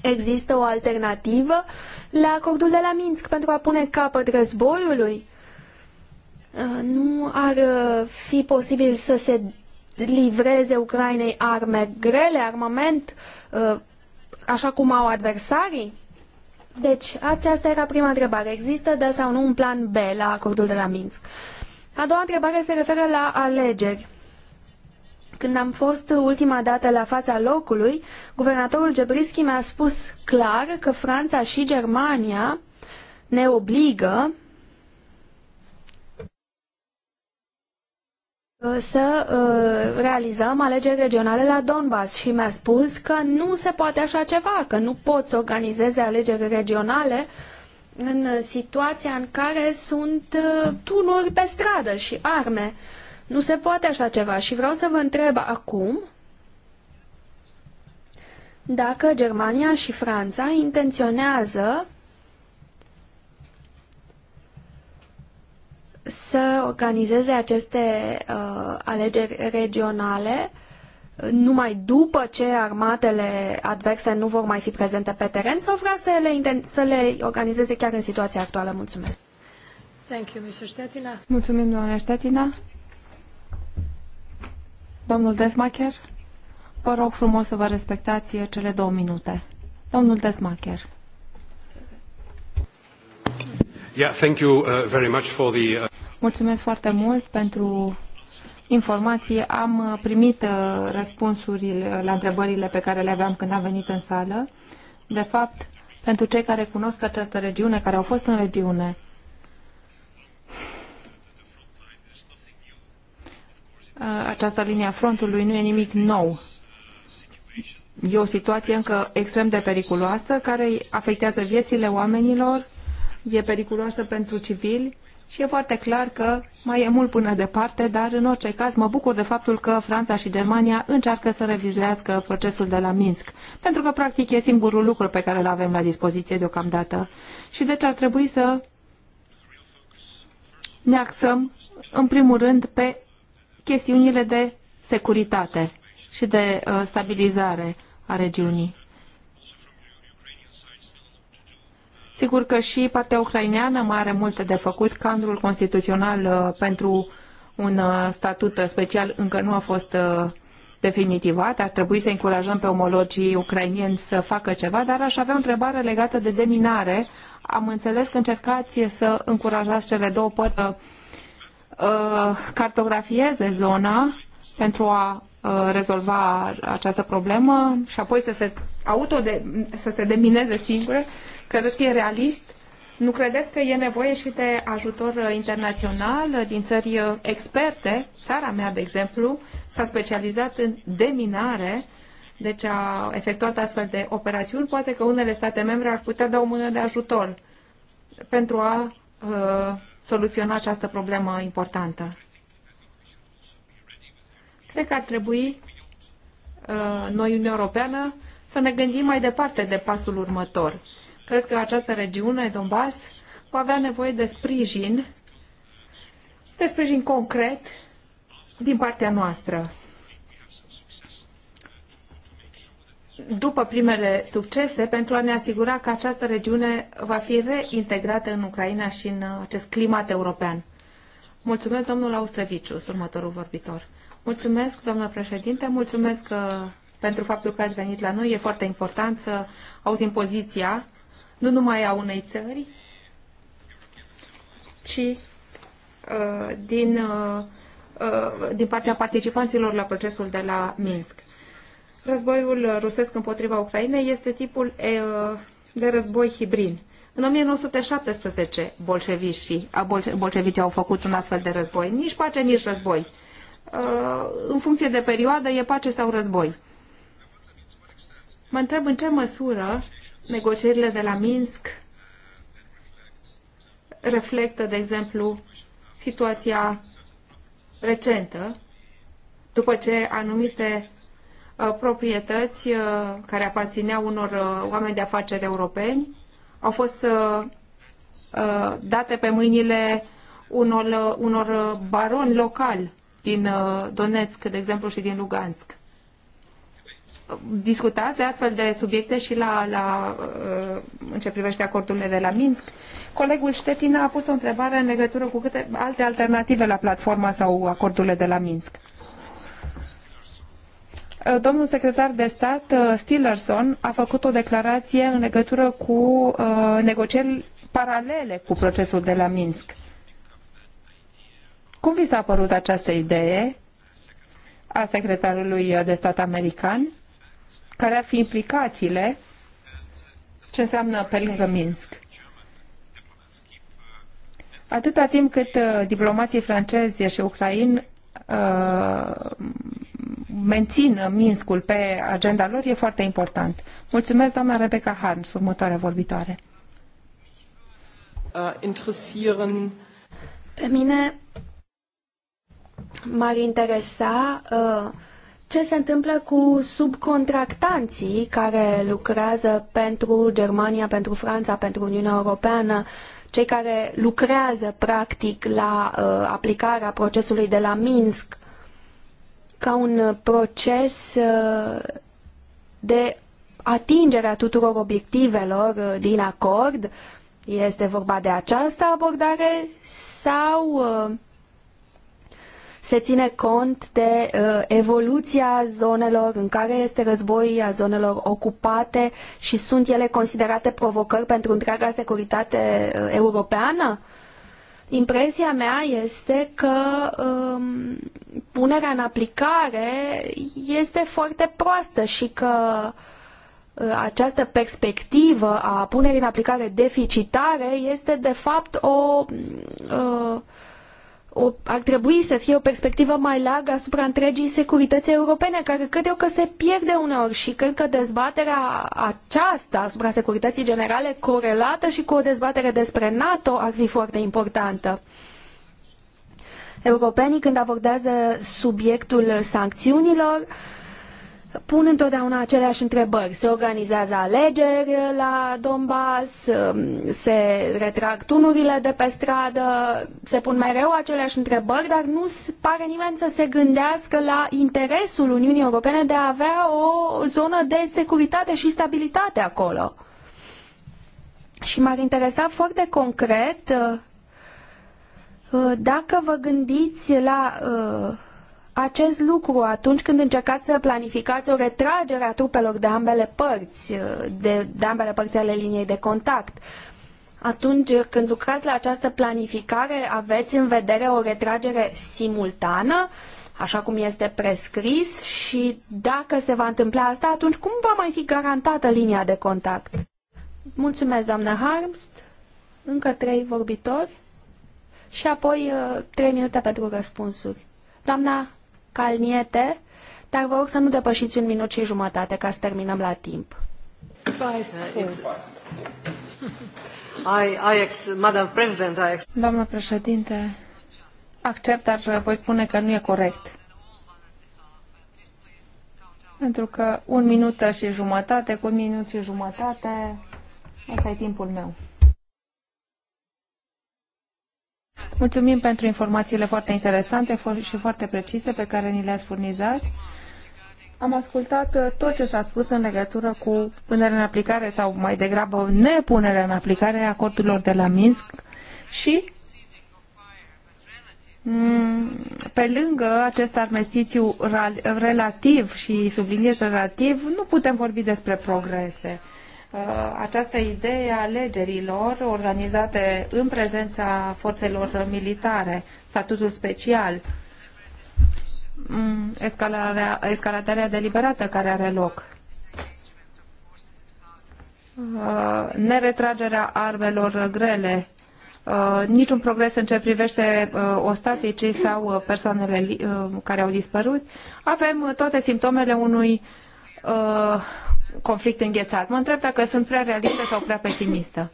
Există o alternativă la acordul de la Minsk pentru a pune capăt războiului? Uh, nu ar uh, fi posibil să se livreze Ucrainei arme grele, armament, așa cum au adversarii? Deci, aceasta era prima întrebare. Există, da sau nu, un plan B la acordul de la Minsk? A doua întrebare se referă la alegeri. Când am fost ultima dată la fața locului, guvernatorul Gebrischi mi-a spus clar că Franța și Germania ne obligă să uh, realizăm alegeri regionale la Donbass și mi-a spus că nu se poate așa ceva, că nu poți să organizeze alegeri regionale în situația în care sunt uh, tunuri pe stradă și arme. Nu se poate așa ceva și vreau să vă întreb acum dacă Germania și Franța intenționează să organizeze aceste uh, alegeri regionale numai după ce armatele adverse nu vor mai fi prezente pe teren sau vrea să le, să le organizeze chiar în situația actuală? Mulțumesc! Thank you, Mr. Stetina. Mulțumim, doamna Stetina. Domnul Desmacher, vă rog frumos să vă respectați cele două minute. Domnul Desmacher. Yeah, thank you uh, very much for the... Uh, Mulțumesc foarte mult pentru informații. Am uh, primit uh, răspunsuri uh, la întrebările pe care le aveam când am venit în sală. De fapt, pentru cei care cunosc această regiune, care au fost în regiune, această linie a frontului nu e nimic nou. E o situație încă extrem de periculoasă care afectează viețile oamenilor, e periculoasă pentru civili și e foarte clar că mai e mult până departe, dar în orice caz mă bucur de faptul că Franța și Germania încearcă să revizuiască procesul de la Minsk, pentru că practic e singurul lucru pe care îl avem la dispoziție deocamdată. Și deci ar trebui să ne axăm în primul rând pe chestiunile de securitate și de uh, stabilizare a regiunii. Sigur că și partea ucraineană mai are multe de făcut. Cadrul constituțional uh, pentru un uh, statut special încă nu a fost uh, definitivat. Ar trebui să încurajăm pe omologii ucrainieni să facă ceva, dar aș avea o întrebare legată de deminare. Am înțeles că încercați să încurajați cele două părți să cartografieze zona pentru a rezolva această problemă și apoi să se auto să se demineze singure. Credeți că e realist? Nu credeți că e nevoie și de ajutor uh, internațional uh, din țări uh, experte? Țara mea, de exemplu, s-a specializat în deminare, deci a efectuat astfel de operațiuni. Poate că unele state membre ar putea da o mână de ajutor pentru a uh, soluționa această problemă importantă. Cred că ar trebui uh, noi, Uniunea Europeană, să ne gândim mai departe de pasul următor Cred că această regiune, Donbass, va avea nevoie de sprijin, de sprijin concret din partea noastră. după primele succese pentru a ne asigura că această regiune va fi reintegrată în Ucraina și în acest climat european. Mulțumesc, domnul Austreviciu, următorul vorbitor. Mulțumesc, domnul președinte, mulțumesc uh, pentru faptul că ați venit la noi. E foarte important să auzim poziția nu numai a unei țări, ci uh, din, uh, uh, din partea participanților la procesul de la Minsk. Războiul rusesc împotriva Ucrainei este tipul uh, de război hibrid. În 1917 bolșevicii, bolșevicii au făcut un astfel de război. Nici pace, nici război. Uh, în funcție de perioadă e pace sau război. Mă întreb în ce măsură negocierile de la Minsk reflectă, de exemplu, situația recentă, după ce anumite uh, proprietăți uh, care aparțineau unor uh, oameni de afaceri europeni au fost date pe mâinile unor, unor baroni locali din Donetsk, de exemplu, și din Lugansk discutați de astfel de subiecte și la, la, uh, în ce privește acordurile de la Minsk. Colegul Ștetin a pus o întrebare în legătură cu câte alte alternative la platforma sau acordurile de la Minsk. Uh, domnul secretar de stat uh, Stillerson a făcut o declarație în legătură cu uh, negocieri paralele cu procesul de la Minsk. Cum vi s-a părut această idee a secretarului de stat american? care ar fi implicațiile, ce înseamnă pe lângă Minsk. Atâta timp cât uh, diplomații francezi și uh, mențin Minskul pe agenda lor e foarte important. Mulțumesc, doamna Rebecca Harms, următoarea vorbitoare. Uh, pe mine m-ar interesa uh, ce se întâmplă cu subcontractanții care lucrează pentru Germania, pentru Franța, pentru Uniunea Europeană, cei care lucrează practic la uh, aplicarea procesului de la Minsk ca un proces uh, de atingerea tuturor obiectivelor uh, din acord. Este vorba de această abordare sau uh, se ține cont de uh, evoluția zonelor în care este război, a zonelor ocupate și sunt ele considerate provocări pentru întreaga securitate uh, europeană? Impresia mea este că um, punerea în aplicare este foarte proastă și că uh, această perspectivă a punerii în aplicare deficitare este de fapt o uh, o, ar trebui să fie o perspectivă mai largă asupra întregii securități europene, care cred eu că se pierde uneori și cred că dezbaterea aceasta asupra securității generale corelată și cu o dezbatere despre NATO ar fi foarte importantă. Europenii, când abordează subiectul sancțiunilor, uh, pun întotdeauna aceleași întrebări. Se organizează alegeri la Donbass, um, se retrag tunurile de pe stradă, se pun mereu aceleași întrebări, dar nu pare nimeni să se gândească la interesul Uniunii Europene de a avea o zonă de securitate și stabilitate acolo. Și m-ar interesa foarte concret uh, uh, dacă vă gândiți la uh, acest lucru atunci când încercați să planificați o retragere a trupelor de ambele părți, uh, de, de ambele părți ale liniei de contact. Atunci când lucrați la această planificare, aveți în vedere o retragere simultană, așa cum este prescris, și dacă se va întâmpla asta, atunci cum va mai fi garantată linia de contact? Mulțumesc, doamnă Harms. Încă trei vorbitori și apoi uh, trei minute pentru răspunsuri. Doamna Calniete, dar vă rog să nu depășiți un minut și jumătate ca să terminăm la timp. Doamnă președinte, accept, dar voi spune că nu e corect. Pentru că un minut și jumătate, cu un minut și jumătate, asta e timpul meu. Mulțumim pentru informațiile foarte interesante și foarte precise pe care ni le-ați furnizat. Am ascultat uh, tot ce s-a spus în legătură cu punerea în aplicare sau mai degrabă nepunerea în aplicare a acordurilor de la Minsk și mm, pe lângă acest armestițiu relativ și subliniez relativ, nu putem vorbi despre progrese. Uh, această idee a alegerilor organizate în prezența forțelor militare, statutul special, mm, escalarea, escaladarea deliberată care are loc, uh, neretragerea armelor grele, uh, niciun progres în ce privește ostaticii sau persoanele care au dispărut, avem toate simptomele unui conflict înghețat. Mă întreb dacă sunt prea realistă sau prea pesimistă.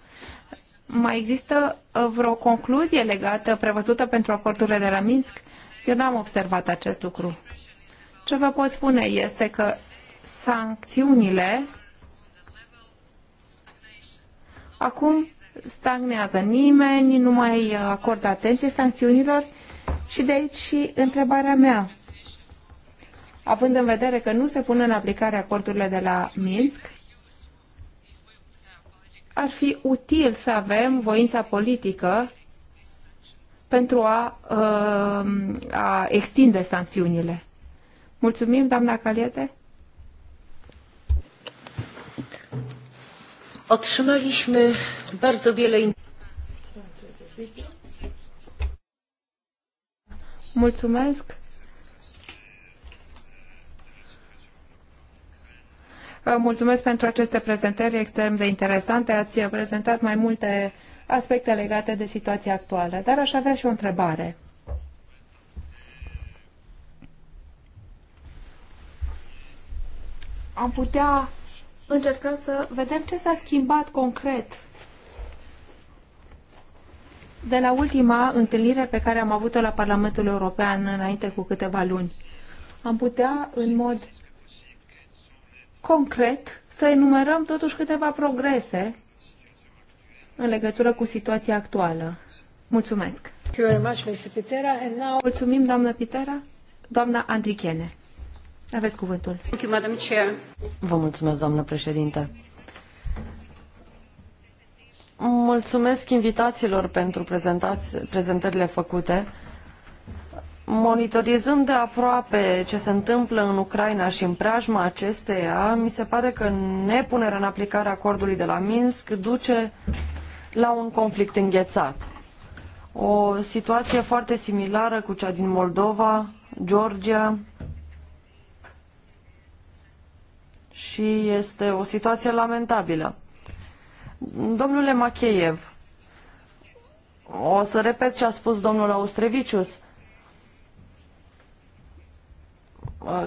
Mai există uh, vreo concluzie legată, prevăzută pentru acordurile de la Minsk? Eu n-am observat acest lucru. Ce vă pot spune este că sancțiunile acum stagnează. Nimeni nu mai uh, acordă atenție sancțiunilor și de aici și întrebarea mea având în vedere că nu se pun în aplicare acordurile de la Minsk, ar fi util să avem voința politică pentru a, uh, a extinde sancțiunile. Mulțumim, doamna Caliete. Otrzymaliśmy bardzo wiele Mulțumesc. Mulțumesc pentru aceste prezentări extrem de interesante. Ați prezentat mai multe aspecte legate de situația actuală, dar aș avea și o întrebare. Am putea încerca să vedem ce s-a schimbat concret de la ultima întâlnire pe care am avut-o la Parlamentul European înainte cu câteva luni. Am putea, în mod concret să enumerăm totuși câteva progrese în legătură cu situația actuală. Mulțumesc! Mulțumim, doamnă Pitera. Doamna Andrichene, aveți cuvântul. Vă mulțumesc, doamnă președinte. Mulțumesc invitațiilor pentru prezentările făcute. Monitorizând de aproape ce se întâmplă în Ucraina și în preajma acesteia, mi se pare că nepunerea în aplicare a acordului de la Minsk duce la un conflict înghețat. O situație foarte similară cu cea din Moldova, Georgia și este o situație lamentabilă. Domnule Macheiev, o să repet ce a spus domnul Austrevicius. Uh,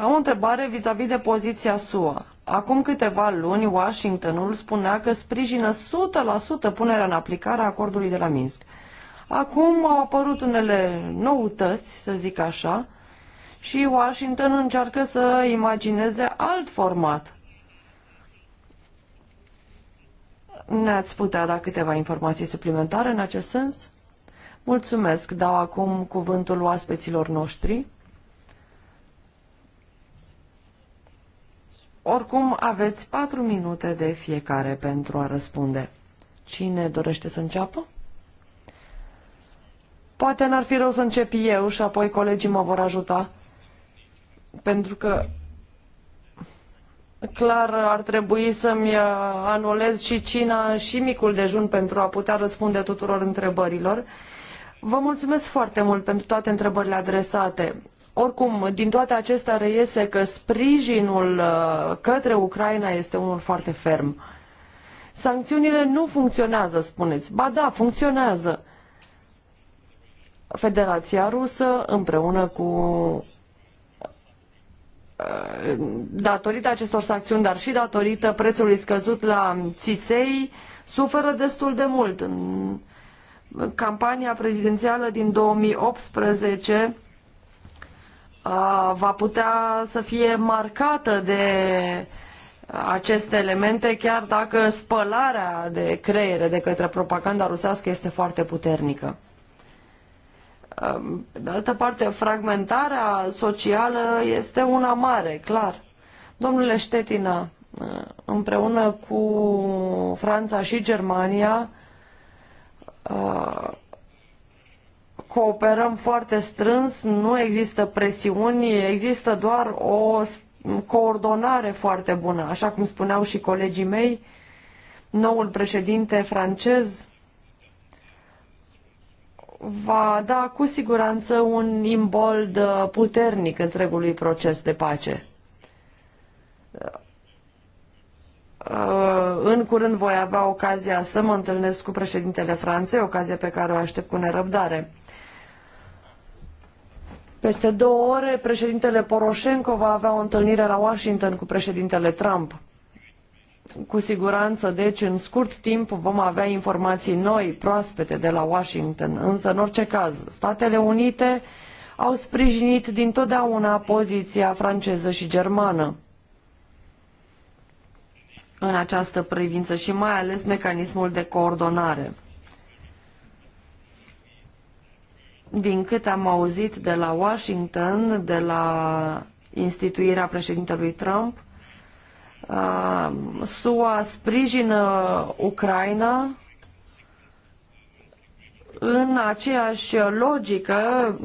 Am o întrebare vis-a-vis -vis de poziția SUA. Acum câteva luni, Washingtonul spunea că sprijină 100% punerea în aplicare a acordului de la Minsk. Acum au apărut unele noutăți, să zic așa, și Washington încearcă să imagineze alt format. Ne-ați putea da câteva informații suplimentare în acest sens? Mulțumesc, dau acum cuvântul oaspeților noștri. Oricum, aveți patru minute de fiecare pentru a răspunde. Cine dorește să înceapă? Poate n-ar fi rău să încep eu și apoi colegii mă vor ajuta. Pentru că clar ar trebui să-mi uh, anulez și cina și micul dejun pentru a putea răspunde tuturor întrebărilor. Vă mulțumesc foarte mult pentru toate întrebările adresate. Oricum, din toate acestea reiese că sprijinul uh, către Ucraina este unul foarte ferm. Sancțiunile nu funcționează, spuneți. Ba da, funcționează. Federația Rusă împreună cu uh, datorită acestor sancțiuni, dar și datorită prețului scăzut la țiței, suferă destul de mult. În campania prezidențială din 2018 va putea să fie marcată de aceste elemente, chiar dacă spălarea de creiere de către propaganda rusească este foarte puternică. de altă parte, fragmentarea socială este una mare, clar. Domnule Ștetina, împreună cu Franța și Germania, cooperăm foarte strâns, nu există presiuni, există doar o coordonare foarte bună. Așa cum spuneau și colegii mei, noul președinte francez va da cu siguranță un imbold uh, puternic întregului proces de pace. Uh, în curând voi avea ocazia să mă întâlnesc cu președintele Franței, ocazia pe care o aștept cu nerăbdare. Peste două ore, președintele Poroșenco va avea o întâlnire la Washington cu președintele Trump. Cu siguranță, deci, în scurt timp vom avea informații noi, proaspete de la Washington, însă, în orice caz, Statele Unite au sprijinit dintotdeauna poziția franceză și germană în această privință și mai ales mecanismul de coordonare. Din cât am auzit de la Washington, de la instituirea președintelui Trump, uh, SUA sprijină Ucraina în aceeași logică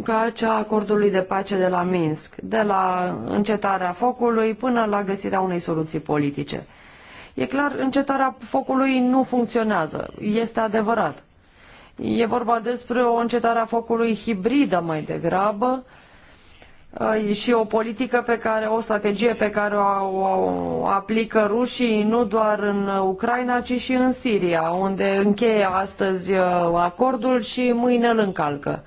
ca cea a acordului de pace de la Minsk, de la încetarea focului până la găsirea unei soluții politice. E clar, încetarea focului nu funcționează, este adevărat. E vorba despre o încetare a focului hibridă mai degrabă uh, și o politică pe care, o strategie pe care o, o aplică rușii nu doar în Ucraina, ci și în Siria, unde încheie astăzi uh, acordul și mâine îl încalcă.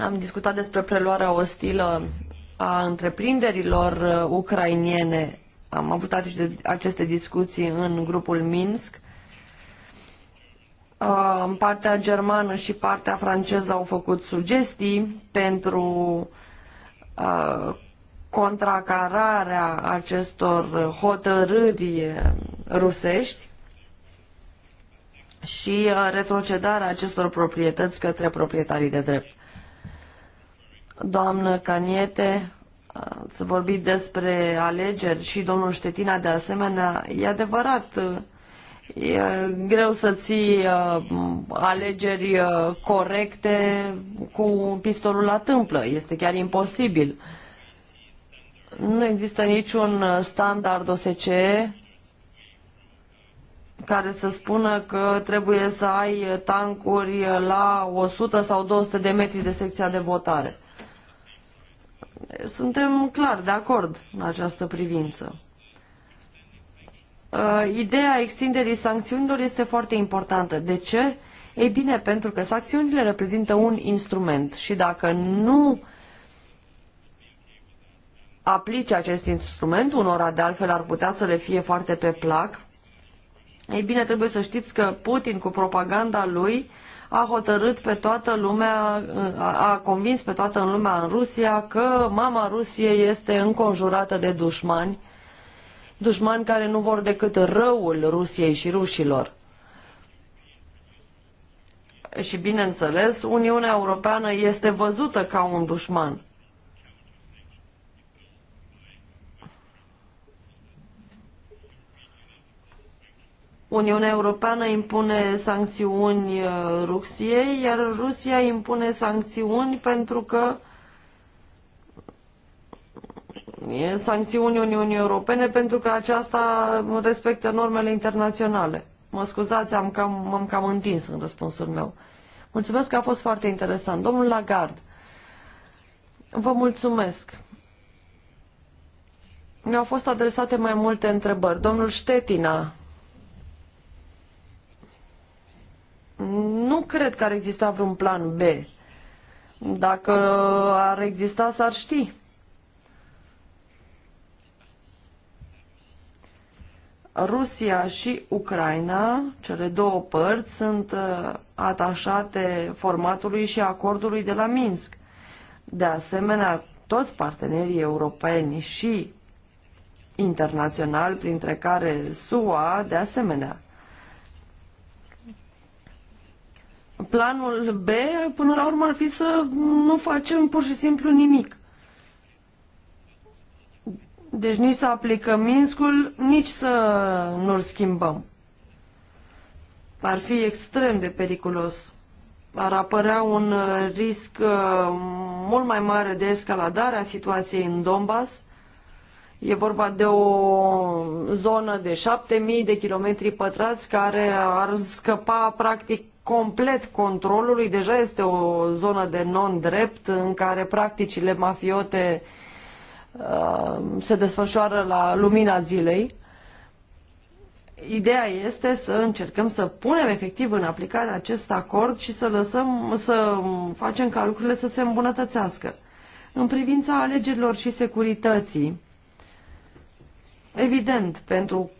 Am discutat despre preluarea ostilă a întreprinderilor uh, ucrainiene. Am avut aceste discuții în grupul Minsk. Uh, partea germană și partea franceză au făcut sugestii pentru uh, contracararea acestor hotărâri rusești și retrocedarea acestor proprietăți către proprietarii de drept. Doamnă Caniete, să vorbim despre alegeri și domnul Ștetina de asemenea, e adevărat, e greu să ții alegeri corecte cu pistolul la tâmplă, este chiar imposibil. Nu există niciun standard OSCE care să spună că trebuie să ai tancuri la 100 sau 200 de metri de secția de votare. Suntem clar de acord în această privință. Uh, ideea extinderii sancțiunilor este foarte importantă. De ce? Ei bine, pentru că sancțiunile reprezintă un instrument și dacă nu aplici acest instrument, unora de altfel ar putea să le fie foarte pe plac, ei bine, trebuie să știți că Putin cu propaganda lui a hotărât pe toată lumea, a convins pe toată lumea în Rusia că mama Rusiei este înconjurată de dușmani, dușmani care nu vor decât răul Rusiei și rușilor. Și bineînțeles, Uniunea Europeană este văzută ca un dușman. Uniunea Europeană impune sancțiuni uh, Rusiei, iar Rusia impune sancțiuni pentru că e sancțiuni Uniunii Europene pentru că aceasta respectă normele internaționale. Mă scuzați, am cam, am cam întins în răspunsul meu. Mulțumesc că a fost foarte interesant. Domnul Lagarde, vă mulțumesc. Mi-au fost adresate mai multe întrebări. Domnul Ștetina cred că ar exista vreun plan B. Dacă ar exista, s-ar ști. Rusia și Ucraina, cele două părți, sunt uh, atașate formatului și acordului de la Minsk. De asemenea, toți partenerii europeni și internaționali, printre care SUA, de asemenea. planul B, până la urmă, ar fi să nu facem pur și simplu nimic. Deci nici să aplicăm Minscul, nici să nu-l schimbăm. Ar fi extrem de periculos. Ar apărea un uh, risc uh, mult mai mare de escaladare a situației în Donbass. E vorba de o zonă de 7000 de kilometri pătrați care ar scăpa practic complet controlului. Deja este o zonă de non-drept în care practicile mafiote uh, se desfășoară la lumina zilei. Ideea este să încercăm să punem efectiv în aplicare acest acord și să lăsăm, să facem ca lucrurile să se îmbunătățească. În privința alegerilor și securității, Evident, pentru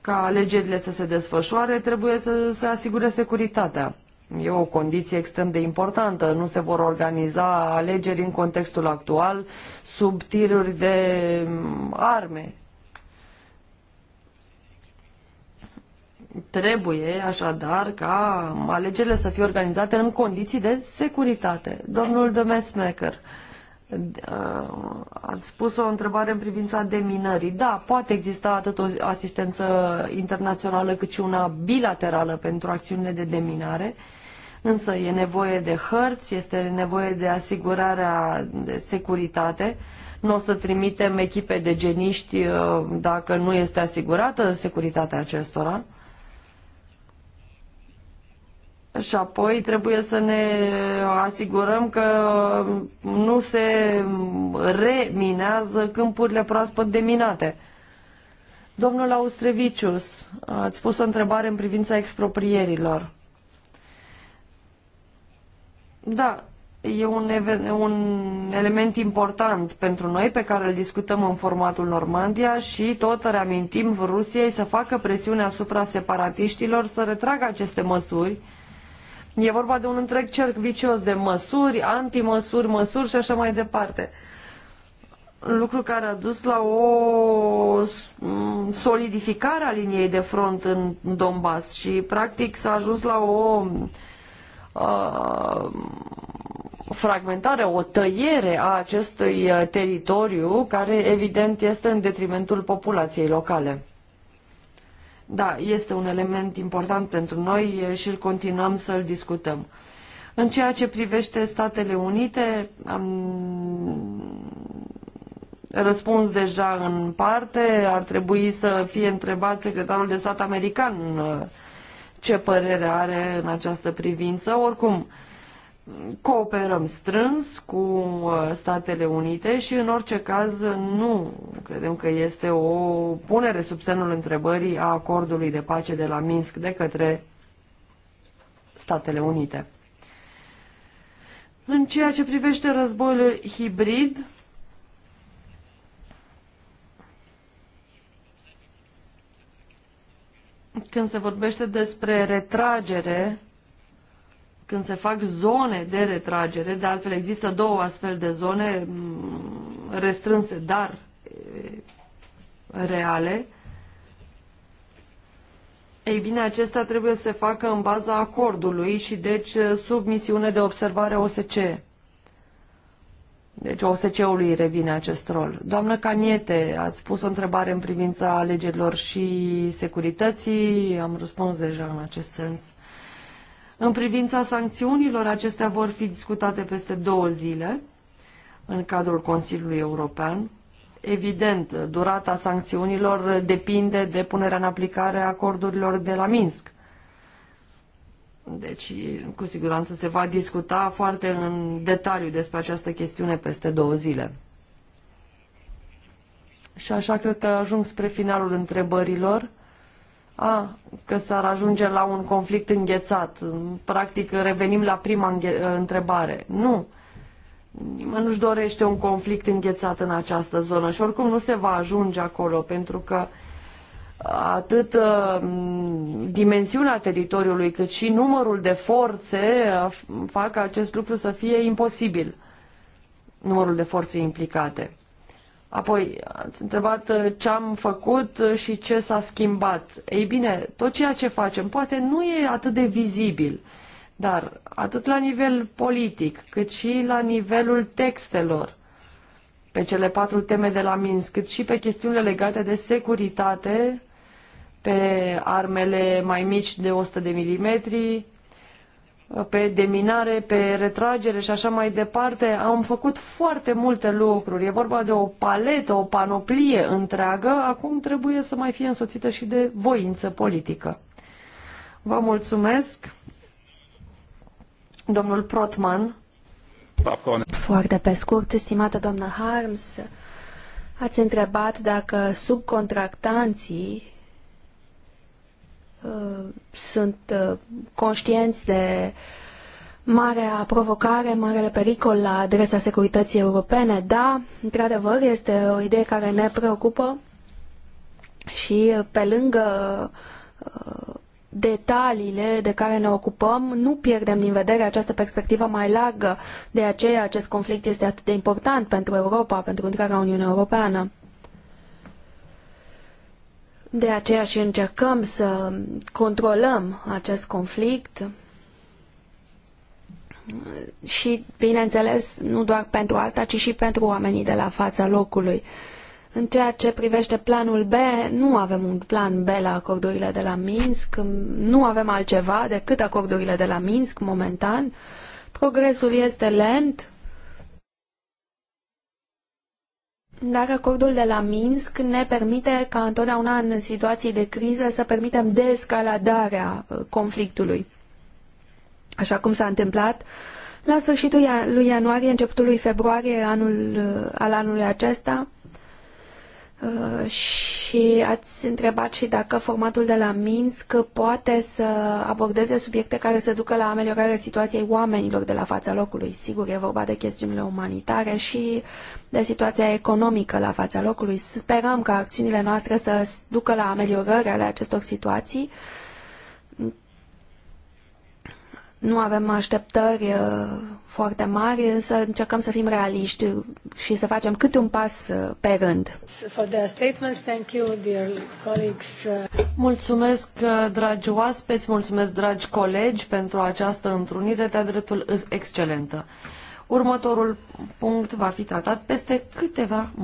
ca alegerile să se desfășoare, trebuie să se asigure securitatea. E o condiție extrem de importantă. Nu se vor organiza alegeri în contextul actual sub tiruri de mm, arme. Trebuie, așadar, ca alegerile să fie organizate în condiții de securitate. Domnul de Mesmaker. Ați pus o întrebare în privința deminării. Da, poate exista atât o asistență internațională cât și una bilaterală pentru acțiunile de deminare, însă e nevoie de hărți, este nevoie de asigurarea de securitate. Nu o să trimitem echipe de geniști uh, dacă nu este asigurată securitatea acestora. Și apoi trebuie să ne asigurăm că nu se reminează câmpurile proaspăt deminate. Domnul Austrevicius, ați pus o întrebare în privința exproprierilor. Da, e un, un element important pentru noi pe care îl discutăm în formatul Normandia și tot reamintim Rusiei să facă presiune asupra separatiștilor să retragă aceste măsuri E vorba de un întreg cerc vicios de măsuri, antimăsuri, măsuri și așa mai departe. Lucru care a dus la o solidificare a liniei de front în Donbass și practic s-a ajuns la o a, fragmentare, o tăiere a acestui teritoriu care evident este în detrimentul populației locale. Da, este un element important pentru noi și îl continuăm să-l discutăm. În ceea ce privește Statele Unite, am răspuns deja în parte, ar trebui să fie întrebat secretarul de stat american uh, ce părere are în această privință. Oricum, uh, cooperăm strâns cu uh, Statele Unite și în orice caz nu credem că este o punere sub semnul întrebării a acordului de pace de la Minsk de către Statele Unite. În ceea ce privește războiul hibrid, când se vorbește despre retragere când se fac zone de retragere, de altfel există două astfel de zone mm, restrânse, dar reale, ei bine, acestea trebuie să se facă în baza acordului și deci sub misiune de observare OSCE. Deci OSCE-ului revine acest rol. Doamnă Caniete, ați pus o întrebare în privința alegerilor și securității. Am răspuns deja în acest sens. În privința sancțiunilor, acestea vor fi discutate peste două zile în cadrul Consiliului European. Evident, durata sancțiunilor depinde de punerea în aplicare a acordurilor de la Minsk. Deci, cu siguranță se va discuta foarte în detaliu despre această chestiune peste două zile. Și așa cred că ajung spre finalul întrebărilor a, că s-ar ajunge la un conflict înghețat. Practic, revenim la prima întrebare. Nu. Nimeni nu-și dorește un conflict înghețat în această zonă și oricum nu se va ajunge acolo, pentru că atât uh, dimensiunea teritoriului cât și numărul de forțe uh, fac acest lucru să fie imposibil, numărul de forțe implicate. Apoi, ați întrebat uh, ce am făcut uh, și ce s-a schimbat. Ei bine, tot ceea ce facem poate nu e atât de vizibil, dar atât la nivel politic, cât și la nivelul textelor, pe cele patru teme de la Minsk, cât și pe chestiunile legate de securitate, pe armele mai mici de 100 de milimetri, pe deminare, pe retragere și așa mai departe, am făcut foarte multe lucruri. E vorba de o paletă, o panoplie întreagă, acum trebuie să mai fie însoțită și de voință politică. Vă mulțumesc, domnul Protman. Foarte pe scurt, estimată doamnă Harms, ați întrebat dacă subcontractanții Uh, sunt uh, conștienți de marea provocare, marele pericol la adresa securității europene. Da, într-adevăr, este o idee care ne preocupă și uh, pe lângă detaliile de care ne ocupăm, nu pierdem din vedere această perspectivă mai largă. De aceea acest conflict este atât de important pentru Europa, pentru întreaga Uniune Europeană. De aceea și încercăm să controlăm acest conflict și, bineînțeles, nu doar pentru asta, ci și pentru oamenii de la fața locului. În ceea ce privește planul B, nu avem un plan B la acordurile de la Minsk, nu avem altceva decât acordurile de la Minsk momentan. Progresul este lent, Dar acordul de la Minsk ne permite ca întotdeauna în situații de criză să permitem descaladarea uh, conflictului. Așa cum s-a întâmplat la sfârșitul lui ianuarie, începutul lui februarie anul, uh, al anului acesta, Uh, și ați întrebat și dacă formatul de la Minsk poate să abordeze subiecte care să ducă la ameliorarea situației oamenilor de la fața locului. Sigur, e vorba de chestiunile umanitare și de situația economică la fața locului. Sperăm ca acțiunile noastre să ducă la ameliorări ale acestor situații. Uh, nu avem așteptări uh, foarte mari, însă încercăm să fim realiști și să facem câte un pas uh, pe rând. Mulțumesc, uh, dragi oaspeți, mulțumesc, dragi colegi, pentru această întrunire de-a dreptul excelentă. Următorul punct va fi tratat peste câteva